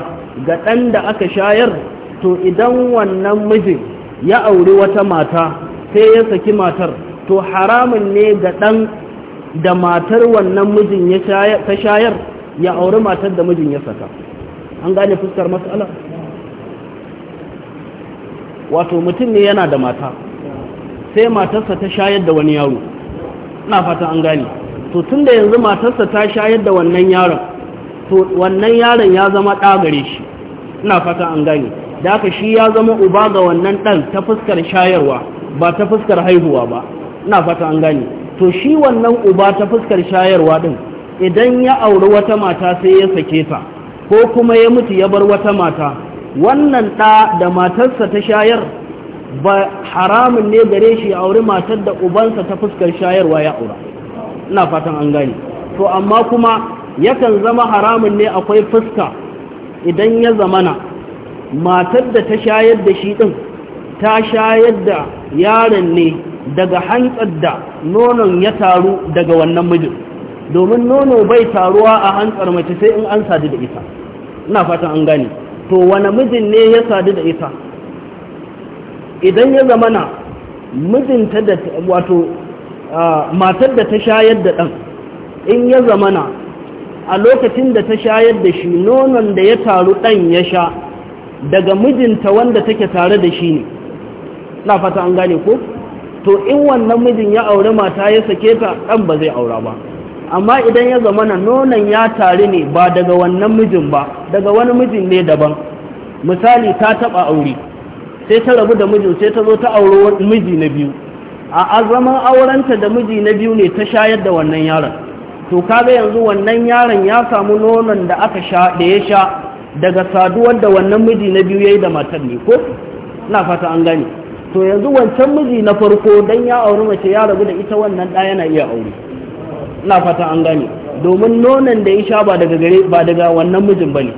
Speaker 1: ga ɗan da aka shayar to idan wannan mijin ya auri wata mata sai ya saki matar to haramun ne ga ɗan da matar wannan mijin ya ta shayar ya auri matar da mijin ya saka an gane fuskar matsala wato mutum ne yana da mata sai matarsa ta shayar da wani yaro ina fata an gane to tun da yanzu matarsa ta shayar da wannan yaron to wannan yaron ya zama ɗagare gare shi ina fata an gane da haka shi ya zama uba ga wannan ɗan ta fuskar shayarwa ba ta fuskar haihuwa ba ina fata an gane to shi wannan uba ta fuskar shayarwa ɗin idan ya auri wata mata sai ya sake ta ko kuma ya mutu ya bar wata mata wannan ɗa da matarsa ta shayar ba haramun ne gare shi ya auri matar da ubansa ta fuskar shayarwa ya aura ina fatan an gane to amma kuma yakan zama haramun ne akwai fuska idan ya zamana matar da ta shayar da shi din ta shayar da yaron ne daga hantsar da nonon ya taru daga wannan mijin domin nono bai taruwa a hantsar mace sai in an sadu da ita ina fatan an gane to wani mijin ne ya sadu da ita idan ya zama na mijinta da wato matar da ta shayar da ɗan in ya na a lokacin da ta shayar da shi nonon da ya taru ɗan ya sha daga mijinta wanda take tare da shi ne na fata an gane ko to in wannan mijin ya aure mata ya sake ta ɗan ba zai aura ba amma idan ya zama zamana nonon ya taru ne ba daga wannan mijin ba daga wani mijin ne daban misali ta taɓa aure sai ta rabu da mijin sai ta zo ta auro miji na biyu a azaman aurenta da miji na biyu ne ta shayar da wannan yaron to kaga yanzu wannan yaron ya samu nonon da aka sha da ya sha daga saduwar da wannan miji na biyu yayi da matar ne ko ina fata an gane to yanzu wancan miji na farko dan ya auri mace ya rabu da ita wannan da yana iya aure ina fata an gane domin nonon da ya sha ba daga gare ba daga wannan mijin bane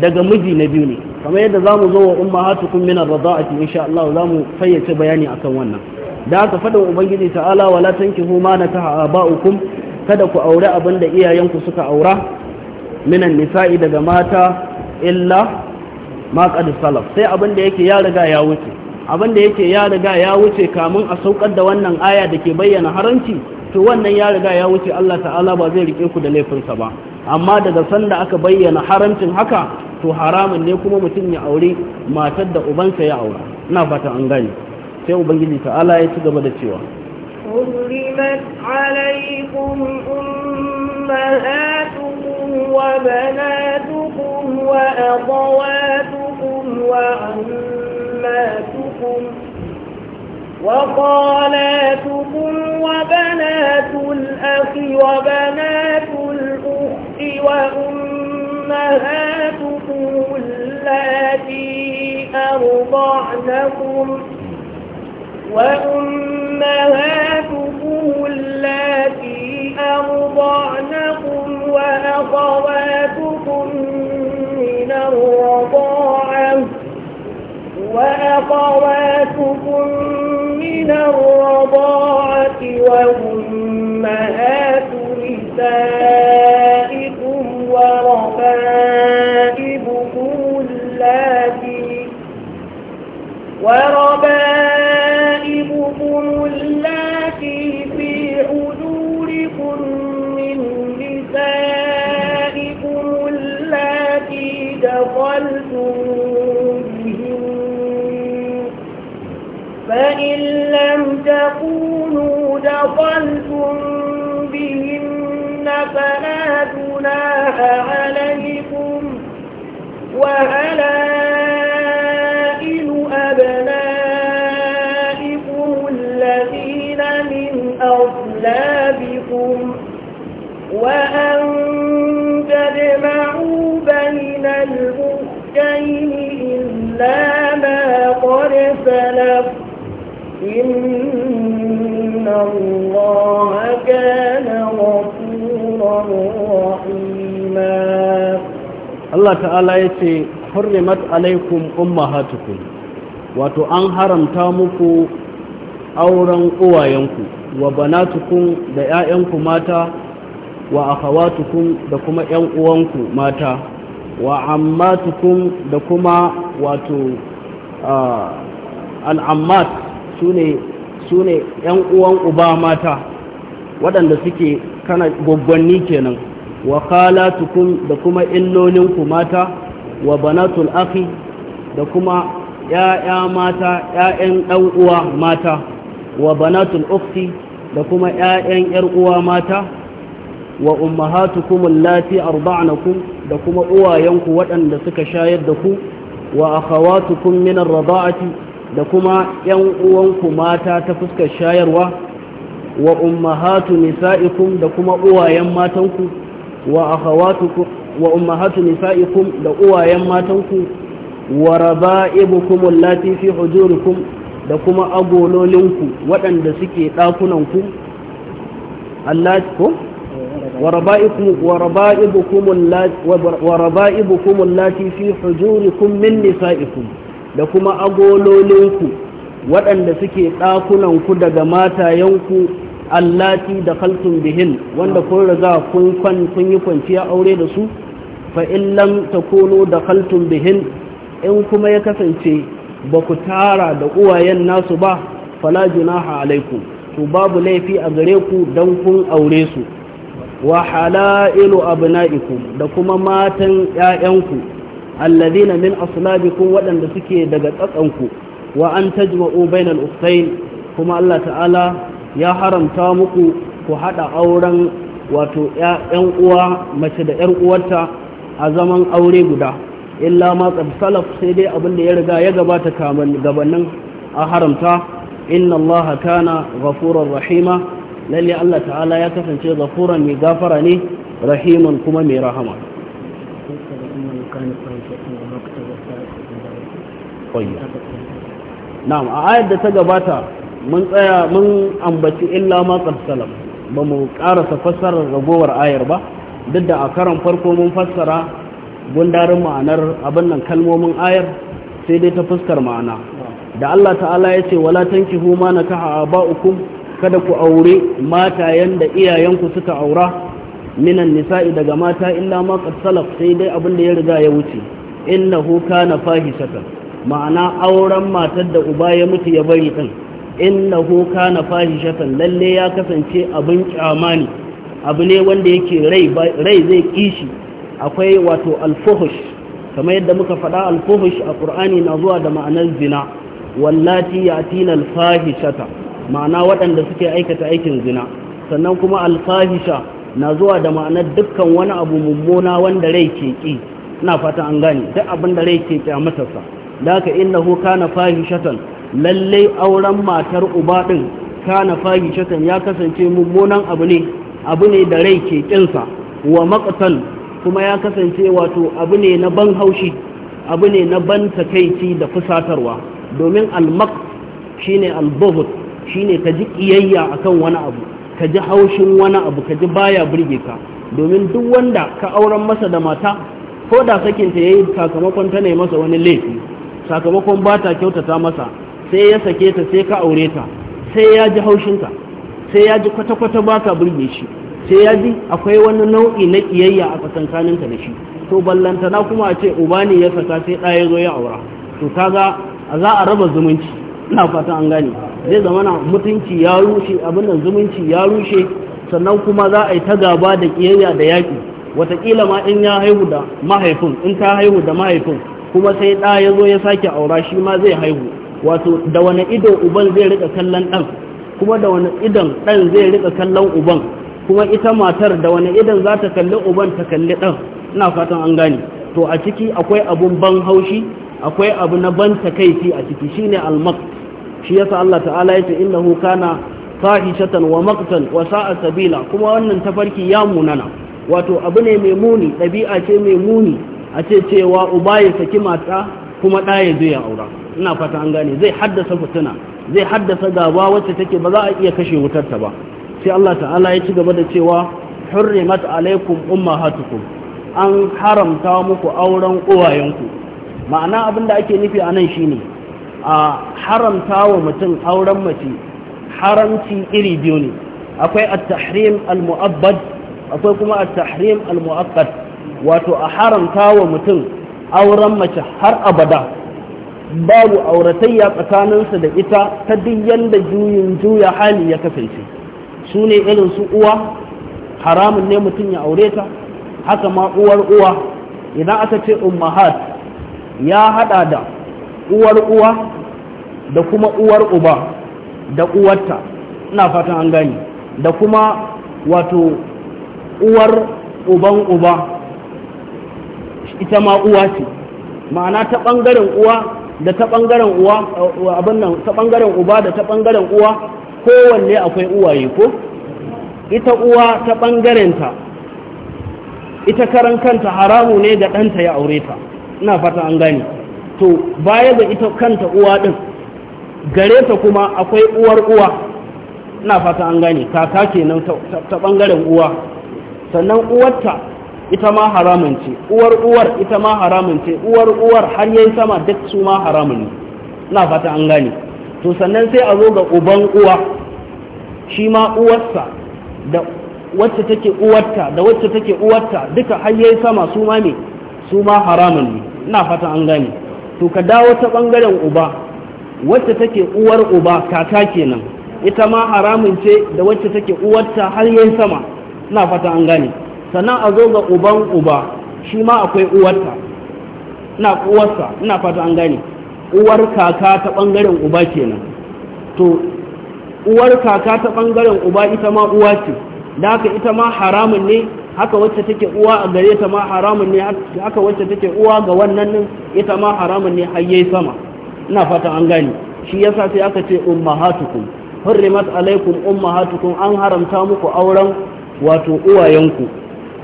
Speaker 1: daga miji na biyu ne kamar yadda za mu zo wa umma mina raza a radaati insha Allah za mu fayyace bayani akan wannan da haka faɗin ubangiji ta'ala wala tankihu ma ba aba'ukum kada ku aure abin da iyayenku suka aura minan nisa'i daga mata illa ma qad salaf sai abin da yake ya riga ya wuce abin da yake ya riga ya wuce kamun a saukar da wannan aya da ke bayyana haranci to wannan ya riga ya wuce Allah ta'ala ba zai rike ku da laifinsa ba amma daga sanda aka bayyana haramcin haka to haramun ne kuma mutum ya aure matar da ubansa ya aura ina fata an gani sai ubangiji ta'ala ya ci gaba da cewa
Speaker 2: حرمت عليكم أمهاتكم وبناتكم وأخواتكم وعماتكم وخالاتكم وبنات الأخ وبنات الأخت وأمهاتكم أمهاتكم التي أرضعنكم وأمهاتكم التي أرضعنكم وأخواتكم من الرضاعة وأخواتكم من الرضاعة وأمهات النساء وربائبكم التي وربائبكم اللاتي في حجوركم من نسائكم التي دخلتم بهن فإن لم تكونوا دخلتم بهن فلا جناح وعلائل أبنائكم الذين من أصلابكم وأن تجمعوا بين الأختين إلا ما قد سلف إن الله
Speaker 1: Allah ta'ala ya ce hurrimat alaikum ummahatukum wato an haramta muku auren uwayenku wa banatukum da 'ya'yanku mata wa akhawatukum da kuma 'yan uwanku mata wa ammatukum da kuma wato al'ammat sune sune 'yan uwan uba mata waɗanda suke kana gwaggwanni kenan wa khalatukum da kuma illolinku mata wa banatul akhi da kuma ‘ya'ya mata ‘ya'yan uwa mata wa banatul ukti da kuma ‘ya'yan uwa mata wa ummahatukum allati arba'nakum da kuma uwayenku waɗanda suka shayar da ku wa akhawatukum min ar da kuma ‘yan uwanku mata ta fuskar shayarwa wa ummahatu nisa'ikum da kuma uwayen matanku wa akhawatukum wa ummahatu nisaikum da uwayen matanku wa raba'ibukum allati fi hujurikum da kuma agololinku waɗanda suke ɗakunanku allati ko wa raba'ibukum allati fi hujurikum min nisaikum da kuma agololinku waɗanda suke ɗakunanku daga matayenku allati da kaltun bihin wanda kun riga kun kwan kun yi kwanciya aure da su fa in lam takunu da kaltun bihin in kuma ya kasance ba ku tara da uwayen nasu ba fala junaha alaikum to babu laifi a gare ku dan kun aure su wa halailu abna'ikum da kuma matan ƴaƴanku alladhina min aslabikum waɗanda suke daga tsatsanku wa an tajma'u bainal ukhtayn kuma Allah ta'ala ya haramta muku ku haɗa auren wato ‘yan uwa mace da ‘yar uwarta a zaman aure guda illa ma salaf sai dai abin da ya riga ya gabata gabanin a haramta inna Allah kana gafuran rahima lalle Allah ta'ala ya kasance gafuran mai gafara ne rahiman kuma mai rahama na'am a ayar da ta gabata mun tsaya mun ambaci illa ma salam ba mu karasa fassarar ragowar ayar ba duk da a karan farko mun fassara gundarin ma'anar abin nan kalmomin ayar sai dai ta fuskar ma'ana da Allah ta'ala ya ce wala na ma ba uku, kada ku aure matayen da iyayenku suka aura minan nisa'i daga mata illa ma qad salaf sai dai abin da ya riga ya wuce innahu kana fahishatan ma'ana auren matar da uba ya mutu ya bari din innahu kana fahishatan lalle ya kasance abin kyama ne abu ne wanda yake rai rai zai kishi akwai wato alfuhush kamar yadda muka faɗa alfuhush a Kur'ani na zuwa da ma'anar zina wallati yatina fahishata, ma'ana waɗanda suke aikata aikin zina sannan kuma alfahisha na zuwa da ma'anar dukkan wani abu mummuna wanda rai ke ki ina fata an gane duk abin da rai ke kyamasarsa da haka innahu kana fahishatan lallai auren matar uba ɗin kana shakan ya kasance mummunan abu ne abu ne da rai ke ƙinsa wa maqtal kuma ya kasance wato abu ne na ban haushi abu ne na ban takaici da fusatarwa domin almaq shine albughd shine ka ji kiyayya akan wani abu ka ji haushin wani abu ka ji baya burge ka domin duk wanda ka auren masa da mata ko da sakinta yayi sakamakon ta ne masa wani laifi sakamakon ba ta kyautata masa sai ya sake ta sai ka aure ta sai ya ji haushinka sai ya ji kwata-kwata ba ka burge shi sai ya ji akwai wani nau'i na kiyayya a tsakankaninka da shi to ballantana kuma a ce uba ne ya saka sai ɗaya zo ya aura to kaga za a raba zumunci ina fatan an gane zai zama na mutunci ya rushe abin nan zumunci ya rushe sannan kuma za a yi ta gaba da kiyayya da yaƙi wataƙila ma in ya haihu da mahaifin in ta haihu da mahaifin kuma sai ɗa ya zo ya sake aura shi ma zai haihu wato da wani ido uban zai rika kallon ɗan kuma da wani idon ɗan zai rika kallon uban kuma ita matar da wani idon za ta kalli uban ta kalli ɗan ina fatan an gane to a ciki akwai abun ban haushi akwai abu na ban takaici a ciki shine almak shi yasa Allah ta'ala yace innahu kana fahishatan wa maqtan wa sa'a sabila kuma wannan tafarki ya munana wato abu ne mai muni ɗabi'a ce mai muni a ce cewa uba ya saki mata kuma ɗa ya zo ya aura ina fata an gane zai haddasa fitina zai haddasa gaba wacce take ba za a iya kashe wutar ta ba sai Allah ta'ala ya ci gaba da cewa hurrimat alaikum ummahatukum an haramta muku auren uwayenku ma'ana abin da ake nufi anan nan shine a haramta wa mutum auren mace haramci iri biyu ne akwai at-tahrim al-mu'abbad akwai kuma at-tahrim al-mu'aqqad wato a haramta wa mutum auren mace har abada babu auratayya tsakaninsa da ita ta duk yanda juyin juya hali ya kasance su ne irin su uwa haramun ne mutum ya aure ta haka ma uwar uwa idan aka ce ummahat ya hada da uwar uwa da kuma uwar uba da uwarta ina fatan an gani da kuma wato uwar uban uba ita ma uwa ce ma'ana ta ɓangaren uwa da ta bangaren uwa abin nan ta bangaren uba da ta bangaren uwa kowanne akwai uwaye ko ita uwa ta ta, ita karan kanta haramu ne ga ɗanta ya aure ta ina fata an gani to baya ga ita kanta uwa ɗin gare ta kuma akwai uwar uwa ina fata an gani kaka kenan ta bangaren uwa sannan uwarta ita ma haramun ce uwar uwar ita ma haramun ce uwar uwar har yayin sama duk su ma haramun ne ina fata an gane to sannan sai a zo ga uban uwa shi ma uwarsa da wacce take uwarta da wacce take uwarta duka har yayin sama su ma ne su ma haramun ne ina fata an gane to ka dawo ta bangaren uba wacce take uwar uba kaka kenan ita ma haramun ce da wacce take uwarta har yayin sama ina fata an gane sannan a zo ga uban uba shi ma akwai uwarta ina uwarsa ina fata an gani. uwar kaka ta bangaren uba kenan to uwar kaka ta bangaren uba ita ma uwa ce da haka ita ma haramun ne haka wacce take uwa a gare ta ma haramun ne haka wacce take uwa ga wannan nan ita ma haramun ne har yayi sama ina fata an gani. shi yasa sai aka ce ummahatukum hurrimat alaikum ummahatukum an haramta muku auren wato uwayenku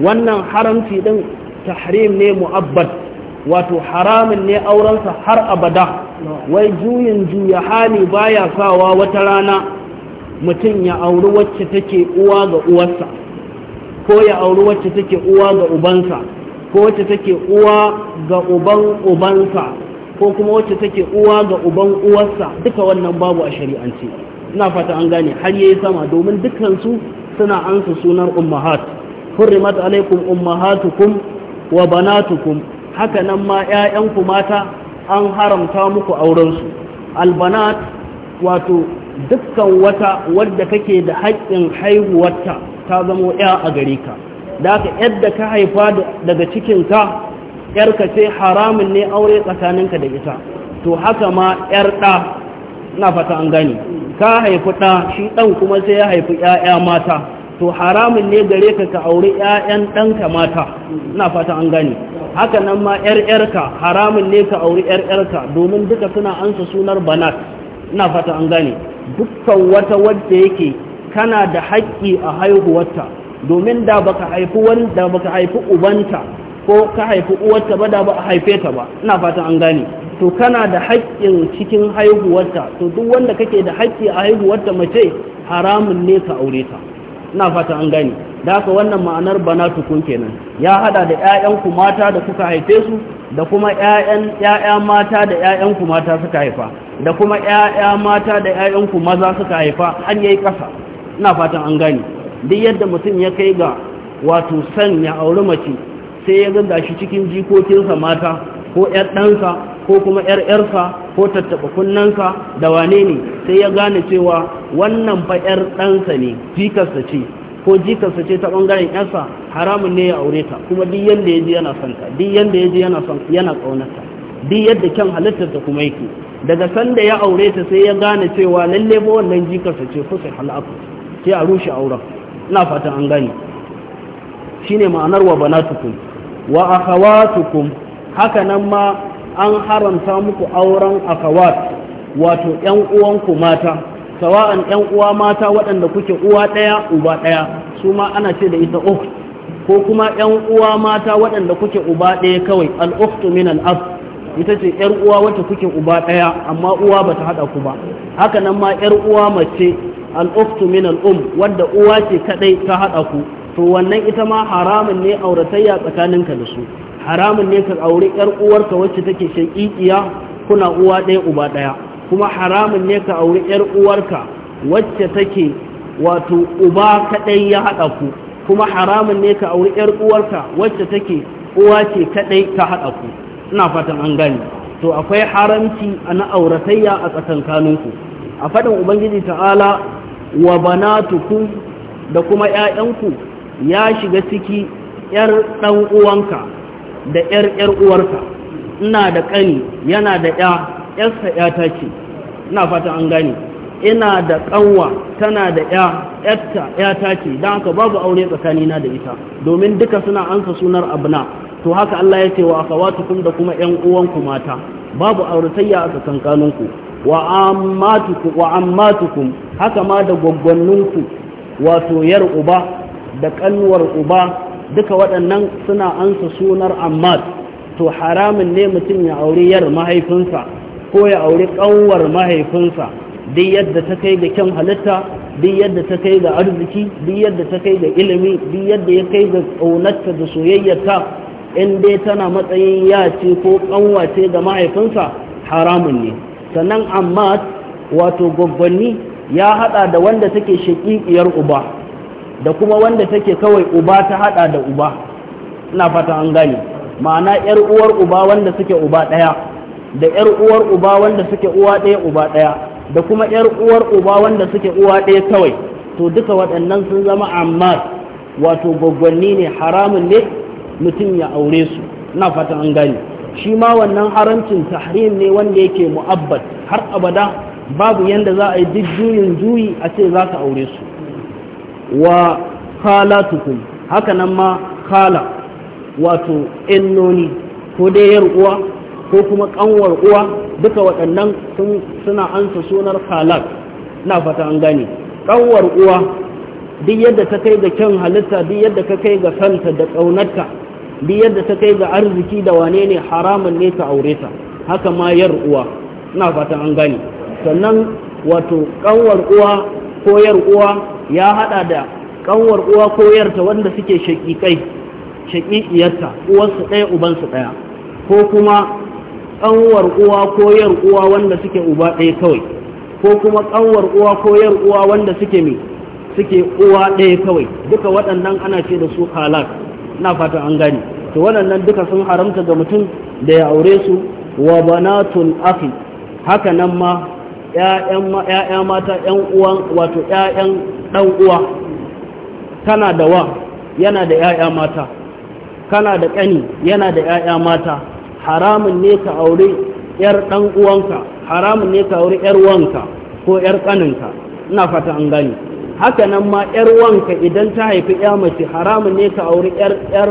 Speaker 1: wannan haramci ɗin tahrim ne mu'abbad wato haramin ne aurensa har abada wai juyin juya hali baya sawa wata rana mutum ya auri wacce take uwa ga uwarsa ko ya auri wacce take uwa ga ubansa ko wacce take uwa ga uban ubansa ko kuma wacce take uwa ga uban uwarsa duka wannan babu a shari'ance ina fata an gane har yayi sama domin dukansu suna ansa sunan ummahat hurrimat alaikum ummahatukum wa banatukum haka nan ma 'ya'yanku mata an haramta muku aurensu albanat wato dukkan wata wadda kake da haƙƙin haihuwarta ta zamo ƴa a gare ka da yadda ka haifa daga cikinka 'yarka sai haramun ne aure tsakaninka da ita to haka ma 'yar ɗa na fata an gani ka haifi ɗa shi ɗan kuma sai ya haifi 'ya'ya mata to haramun ne gare ka ka auri 'ya'yan ɗanka mata ina fata an gane haka nan ma 'yar'yarka haramun ne ka auri 'yar'yarka domin duka suna ansa sunar banat ina fata an gane dukkan wata wadda yake kana da haƙƙi a haihuwarta domin da baka haifi wanda baka haifi ubanta ko ka haifi uwarta ba da ba a haife ta ba ina fata an gane to kana da haƙƙin cikin haihuwarta to duk wanda kake da haƙƙi a haihuwarta mace haramun ne ka aure ta ina fata an gani da haka wannan ma'anar bana tukun kenan ya hada da 'ya'yanku mata da kuka haife su da kuma 'ya'yan mata da 'ya'yanku mata suka haifa da kuma yaya mata da ƴaƴanku maza suka haifa an yayi kasa ina fatan an gani duk yadda mutum ya kai ga wato san ya auri mace sai ya ga shi cikin jikokinsa mata ko yar ɗansa ko kuma ƴar ƴarsa ko tattaba kunnansa da wane ne sai ya gane cewa wannan fa yar ɗansa ne jikarsa ce ko jikarsa ce ta ɓangaren yarsa haramun ne ya aure ta kuma duk yadda ya ji yana son ta duk yadda ya ji yana son yana ƙaunarta duk yadda kyan halittar ta kuma yake daga sanda ya aure ta sai ya gane cewa lalle ba wannan jikarsa ce ko kusa halaku sai a rushe auren ina fatan an gane shine ma'anar wa banatukum wa akhawatukum haka nan ma an haramta muku auren akawat wato ‘yan uwanku mata sawa'an ‘yan uwa mata waɗanda kuke uwa ɗaya uba ɗaya su ma ana ce da ita uku ko kuma ‘yan uwa mata waɗanda kuke uba ɗaya kawai al al'uktu min al al'af ita ce ‘yar uwa wacce kuke uba ɗaya amma uwa bata hada haɗa ku ba haka nan ma ‘yar uwa mace al al'uktu min al-um wadda uwa ce kaɗai ta haɗa ku to wannan ita ma haramun ne auratayya tsakaninka da su haramun ne ka auri yar uwarka wacce take shaqiqiya kuna uwa ɗaya uba ɗaya kuma haramun ne ka auri yar uwarka wacce take wato uba kaɗai ya hada ku kuma haramun ne ka auri yar uwarka wacce take uwa ce kaɗai ta haɗa ku ina fatan an gane to akwai haramci a na auratayya a tsakankaninku a faɗin ubangiji ta'ala wa banatukum da kuma ƴaƴanku ya shiga ciki 'yar ɗan uwanka da ƴar ƴar uwarsa ina da ƙani yana da ƴa ƴarsa ƴa ta ce ina fata an gane ina da ƙanwa tana da ƴa ƴarta ƴa ta ce don haka babu aure tsakanina da ita domin duka suna ansa sunar abna to haka Allah ya ce wa akhawatukum da kuma ƴan uwanku mata babu auratayya a tsakaninku. wa ammatukum wa ammatukum haka ma da gwaggwanninku wato yar uba da ƙanwar uba duka waɗannan suna ansa sunar ammad to haramun ne mutum ya auri yar mahaifinsa ko ya auri ƙanwar mahaifinsa duk yadda ta kai da kyan halitta duk yadda ta kai da arziki duk yadda ta kai da ilimi duk yadda ya kai da ƙaunarta da soyayyarta in dai tana matsayin ya ce ko ƙanwa ce ga mahaifinsa haramun ne sannan amma wato gwaggwanni ya haɗa da wanda take shaƙiƙiyar uba da kuma wanda take kawai uba ta hada da uba ina fata an gani. ma'ana yar uwar uba wanda suke uba daya da yar uwar uba wanda suke uwa daya uba daya da kuma yar uwar uba wanda suke uwa daya kawai to duka waɗannan sun zama amma wato gwaggwanni ne haramun ne mutum ya aure su ina fata an gani. shi ma wannan haramcin tahrim ne wanda yake mu'abbad har abada babu yanda za a yi duk juyin juyi a ce za ka aure su wa khalatukum haka nan ma khala wato innoni ko dai yar uwa ko kuma kanwar uwa duka waɗannan suna ansa sunar khalat na fata an gane kanwar uwa duk yadda ta kai ga kyan halitta duk yadda ka kai ga santa da ƙaunarta duk yadda ta kai ga arziki da wane ne haramun ne ka aure ta haka ma yar uwa na fata an gane sannan wato kanwar uwa koyar uwa ya hada da kanwar uwa koyarta wanda suke shakikai shakikiyarta uwarsu ɗaya ubansu ɗaya ko kuma kanwar uwa koyar uwa wanda suke uba ɗaya kawai ko kuma kanwar uwa koyar uwa wanda suke me suke uwa ɗaya kawai duka waɗannan ana ce da su halak na fata an gani to waɗannan duka sun haramta ga mutum da ya aure su wa banatun akhi haka nan ma ‘ya'ya mata ‘yan uwan wato ‘ya'yan ɗan uwa kana da wa yana da ‘ya'ya mata kana da ƙani yana da ‘ya'ya mata haramun ne ka aure ‘yar ɗan uwanka haramun ne ka aure ƴar wanka ko ‘yar ƙaninka ina fata an gani haka nan ma ƴar wanka idan ta haifi ‘ya mace haramun ne ka aure ƴar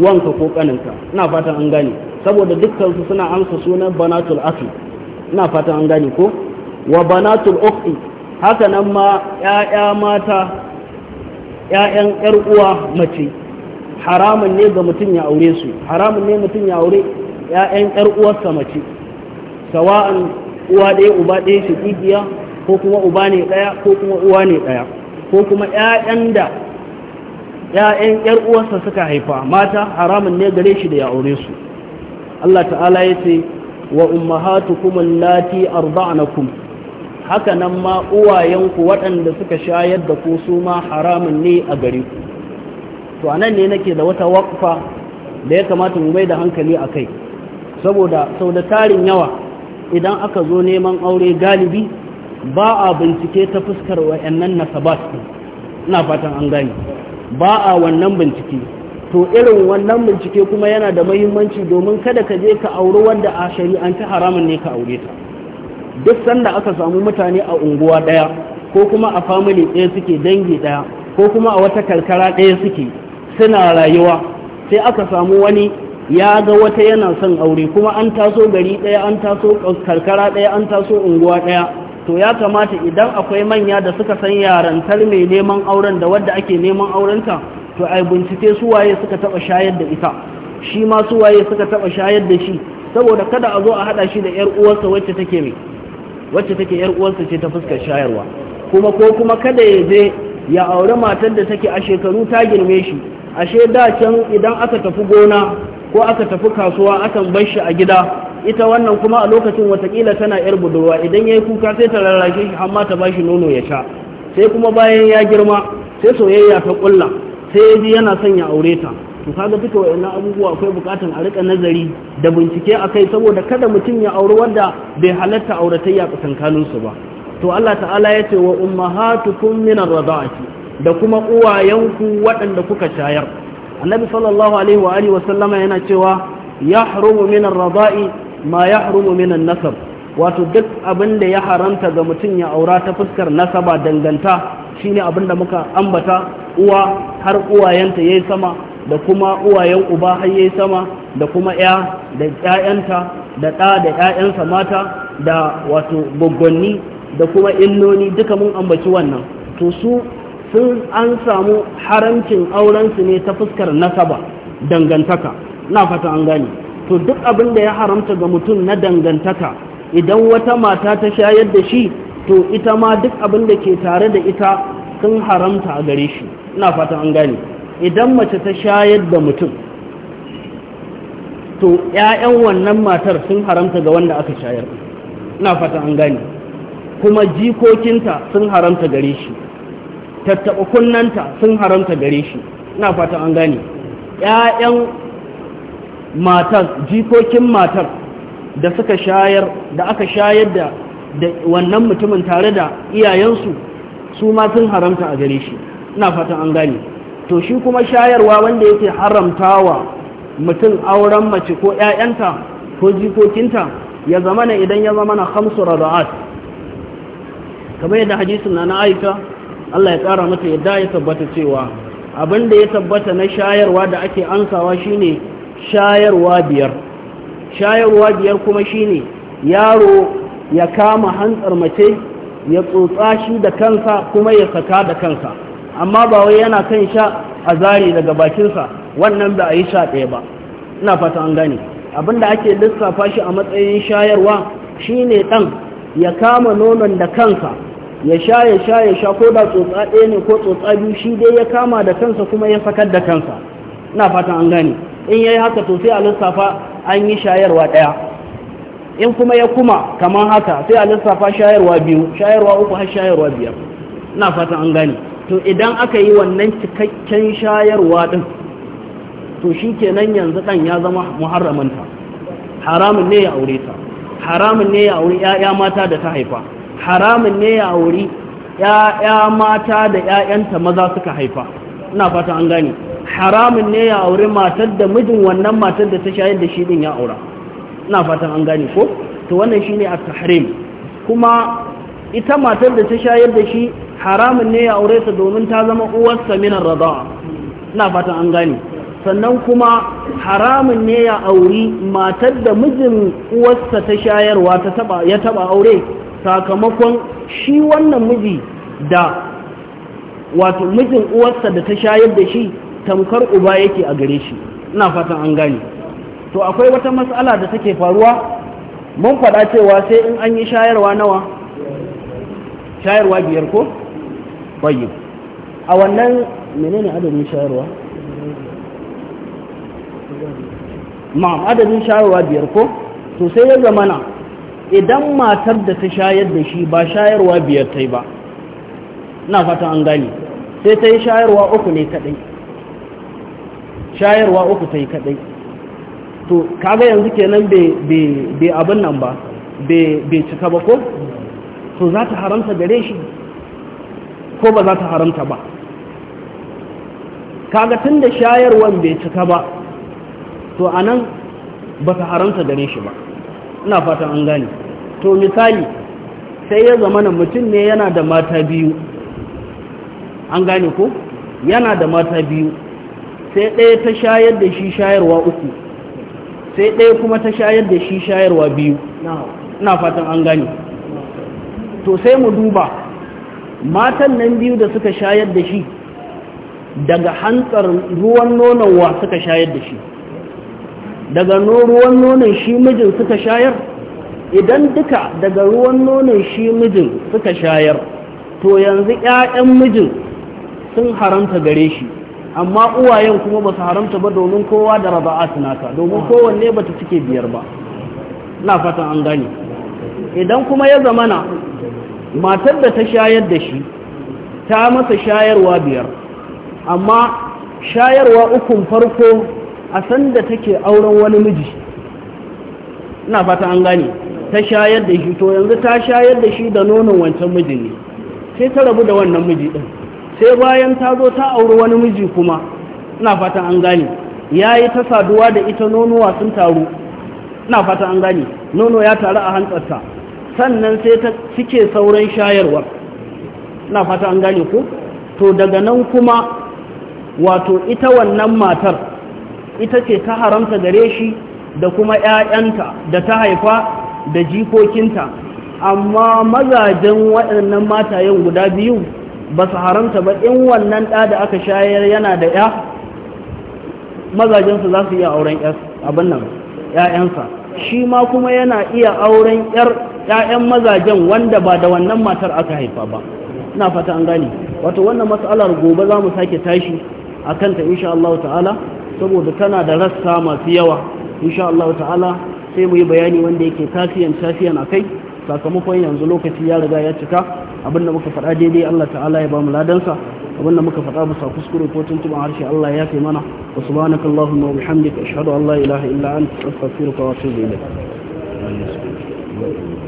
Speaker 1: wanka ko ƙaninka ina fata an gani saboda dukkansu suna amsa sunan banatul asli ina fatan an gane ko wa banatul ukhti haka nan ma ƴaƴa mata ƴaƴan ƴar uwa mace haramun ne ga mutum ya aure su haramun ne mutum ya aure ƴaƴan ƴar uwarsa mace sawa'an uwa ɗaya uba ɗaya shaƙiƙiya ko kuma uba ne ɗaya ko kuma uwa ne ɗaya ko kuma ƴaƴan da ƴaƴan ƴar uwarsa suka haifa mata haramun ne gare shi da ya aure su Allah ta'ala ya ce wa ummahatukum allati arda'nakum haka nan ma uwayenku waɗanda suka shayar da ku su ma haramun ne a gare ku to anan ne nake da wata waqfa da ya kamata mu bai da hankali a kai saboda sau da tarin yawa idan aka zo neman aure galibi ba a bincike ta fuskar wa'annan nasabat ina fatan an gani ba a wannan bincike to irin wannan bincike kuma yana da mahimmanci domin kada ka je ka auri wanda a shari'anta haramun ne ka aure ta duk sanda aka samu mutane a unguwa ɗaya ko kuma a family ɗaya suke dangi ɗaya ko kuma a wata karkara ɗaya suke suna rayuwa sai aka samu wani ya ga wata yana son aure kuma an taso gari ɗaya an taso karkara ɗaya an taso unguwa ɗaya to ya kamata idan akwai manya da suka san yarantar mai neman auren da wadda ake neman aurenta to ai bincike su waye suka taba shayar da ita shi ma su waye suka taba shayar da shi saboda kada a zo a hada shi da yar uwarsa wacce take mai wacce take yar uwarsa ce ta fuskar shayarwa kuma ko kuma kada ya je ya aure matar da take a shekaru ta girme shi ashe da can idan aka tafi gona ko aka tafi kasuwa akan bar shi a gida ita wannan kuma a lokacin watakila tana yar budurwa idan ya yi kuka sai ta rarrashe shi amma ta ba shi nono ya sha sai kuma bayan ya girma sai soyayya ta kulla sai ya ji yana son ya aure ta to kaga duka wayannan abubuwa akwai bukatan a rika nazari da bincike akai saboda kada mutum ya auri wanda bai halatta auratayya tsakankanin su ba to Allah ta'ala ya ce wa ummahatukum min ar radati da kuma uwayenku waɗanda kuka shayar annabi sallallahu alaihi wa alihi wasallama yana cewa yahrumu min ar-rada'i ma yahrumu min an-nasab wato duk abinda ya haramta ga mutum ya aura ta fuskar nasaba danganta ne abin da muka ambata uwa har uwayenta yayi sama da kuma uwayen uba har yayi sama da kuma ya da ƴaƴanta da ɗa da ƴaƴansa mata da wato gwaggwanni da kuma innoni duka mun ambaci wannan to su sun an samu haramcin aurensu ne ta fuskar nasaba dangantaka na fata an gani to duk abin da ya haramta ga mutum na dangantaka idan wata mata ta shayar da shi to ita ma duk abin da ke tare da ita sun haramta a gare shi ina fatan an gane idan mace ta shayar da mutum to 'ya'yan wannan matar sun haramta ga wanda aka shayar ina fatan an gane kuma jikokinta sun haramta gare shi tattaɓa kunnanta sun haramta gare shi ina fatan an gane 'ya'yan matar jikokin matar da suka shayar da aka shayar da da wannan mutumin tare da iyayensu su ma sun haramta a gare shi ina fatan an gani. to shi kuma shayarwa wanda yake haramtawa mutum auren mace ko 'ya'yanta, ko jikokinta ya zama na idan ya zama na hamsu raza'at kamar yadda hadisin na na Allah ya kara mata yadda ya tabbata cewa abin da ya tabbata na shayarwa da ake ansawa shine shayarwa biyar shayarwa biyar kuma shine yaro ya kama hantsar mace ya tsotsa shi da kansa kuma ya saka da kansa amma ba wai yana kan sha a zari daga bakinsa wannan ba a yi sha ɗaya ba ina fata an gane abinda ake lissafa shi a matsayin shayarwa shine dan, ya kama nonon da kansa ya sha ya sha ya sha ko da tsotsa ɗaya ne ko tsotsa biyu shi dai ya kama da kansa kuma ya sakar da kansa ina fatan an gane in yayi haka to sai a lissafa an yi shayarwa ɗaya in kuma ya kuma kamar haka sai a lissafa shayarwa biyu shayarwa uku har shayarwa biyar ina fatan an gane to idan aka yi wannan cikakken shayarwa din to shi kenan yanzu kan ya zama muharramanta haramun ne ya aure ta haramun ne ya aure ya mata da ta haifa haramun ne ya aure ya mata da ‘ya'yanta maza suka haifa ina fata an gane haramun ne ya aure matar da mijin wannan matar da ta shayar da shi din ya aura ina fatan an gane ko to wannan shine a tahrim kuma ita matar da ta shayar da shi haramun ne ya aure sa domin ta zama uwarsa sa ar-rada'a ina fatan an gane sannan kuma haramun ne ya auri matar da mijin uwarsa ta shayarwa ta taba ya taba aure sakamakon shi wannan miji da wato mijin uwarsa da ta shayar da shi tamkar uba yake a gare shi ina fatan an gane to akwai wata matsala da take faruwa mun faɗa cewa sai in an yi shayarwa nawa shayarwa biyar ko bayi a wannan menene adadin shayarwa ma'am adadin shayarwa biyar ko to sai ya na idan matar da ta shayar da shi ba shayarwa biyar ta yi ba na fata an gani sai ta yi shayarwa uku ne kadai shayarwa uku ta yi kadai to kaga yanzu kenan bai abin nan ba bai cika ba ko to za ta haramta gare shi ko ba za ta haramta ba kaga tun da shayarwan bai cika ba to a nan ba ta haramta gare shi ba ina fatan an gane to misali sai ya zama na mutum ne yana da mata biyu an gane ko yana da mata biyu sai ɗaya ta shayar da shi shayarwa uku sai ɗaya kuma ta shayar da shi shayarwa biyu ina fatan an gani to sai mu duba matan nan biyu da suka shayar da shi daga hantsar ruwan nonowa suka shayar da shi daga ruwan nonon shi mijin suka shayar idan duka daga ruwan nonon shi mijin suka shayar to yanzu 'ya'yan mijin sun haramta gare shi amma uwayen kuma ba su haramta ba domin kowa da rabaa naka domin kowanne ba ta cike biyar ba na fatan an gani. idan kuma ya zamana matar da ta shayar da shi ta masa shayarwa biyar amma shayarwa ukun farko a sanda take auren wani miji na fata an gani, ta shayar da shi to yanzu ta shayar da shi da nonon wancan miji ne sai ta rabu da wannan miji din sai bayan ta zo ta auri wani miji kuma ina fatan an gane ya yi ta saduwa da ita nonuwa sun taru ina fatan an gane nono ya taru a hantsarta sannan sai ta cike sauran shayarwar ina fata an gane ko to daga nan kuma wato ita wannan matar ita ce ta haramta gare shi da kuma ‘ya'yanta da ta haifa da jikokinta amma mazajen waɗannan matayen guda biyu ba su haramta ba in wannan ɗa da aka shayar yana da ya mazajensu za su iya auren abin nan ‘ya'yansa shi ma kuma yana iya auren ‘ya'yan mazajen wanda ba da wannan matar aka haifa ba na fata an gani wato wannan matsalar gobe za mu sake tashi a kanta insha Allah ta'ala saboda tana da rassa masu yawa insha Allah ta'ala sai mu yi bayani wanda yake tafiyan tafiyan a kai sakamakon yanzu lokaci ya riga ya cika abin da muka faɗa daidai Allah ta'ala ya ba mu ladansa abin da muka faɗa bisa kuskure ko tuntuɓa harshe Allah ya fi mana wa subhanaka allahumma wa bihamdika ashhadu an la ilaha illa anta astaghfiruka wa atubu
Speaker 2: ilayk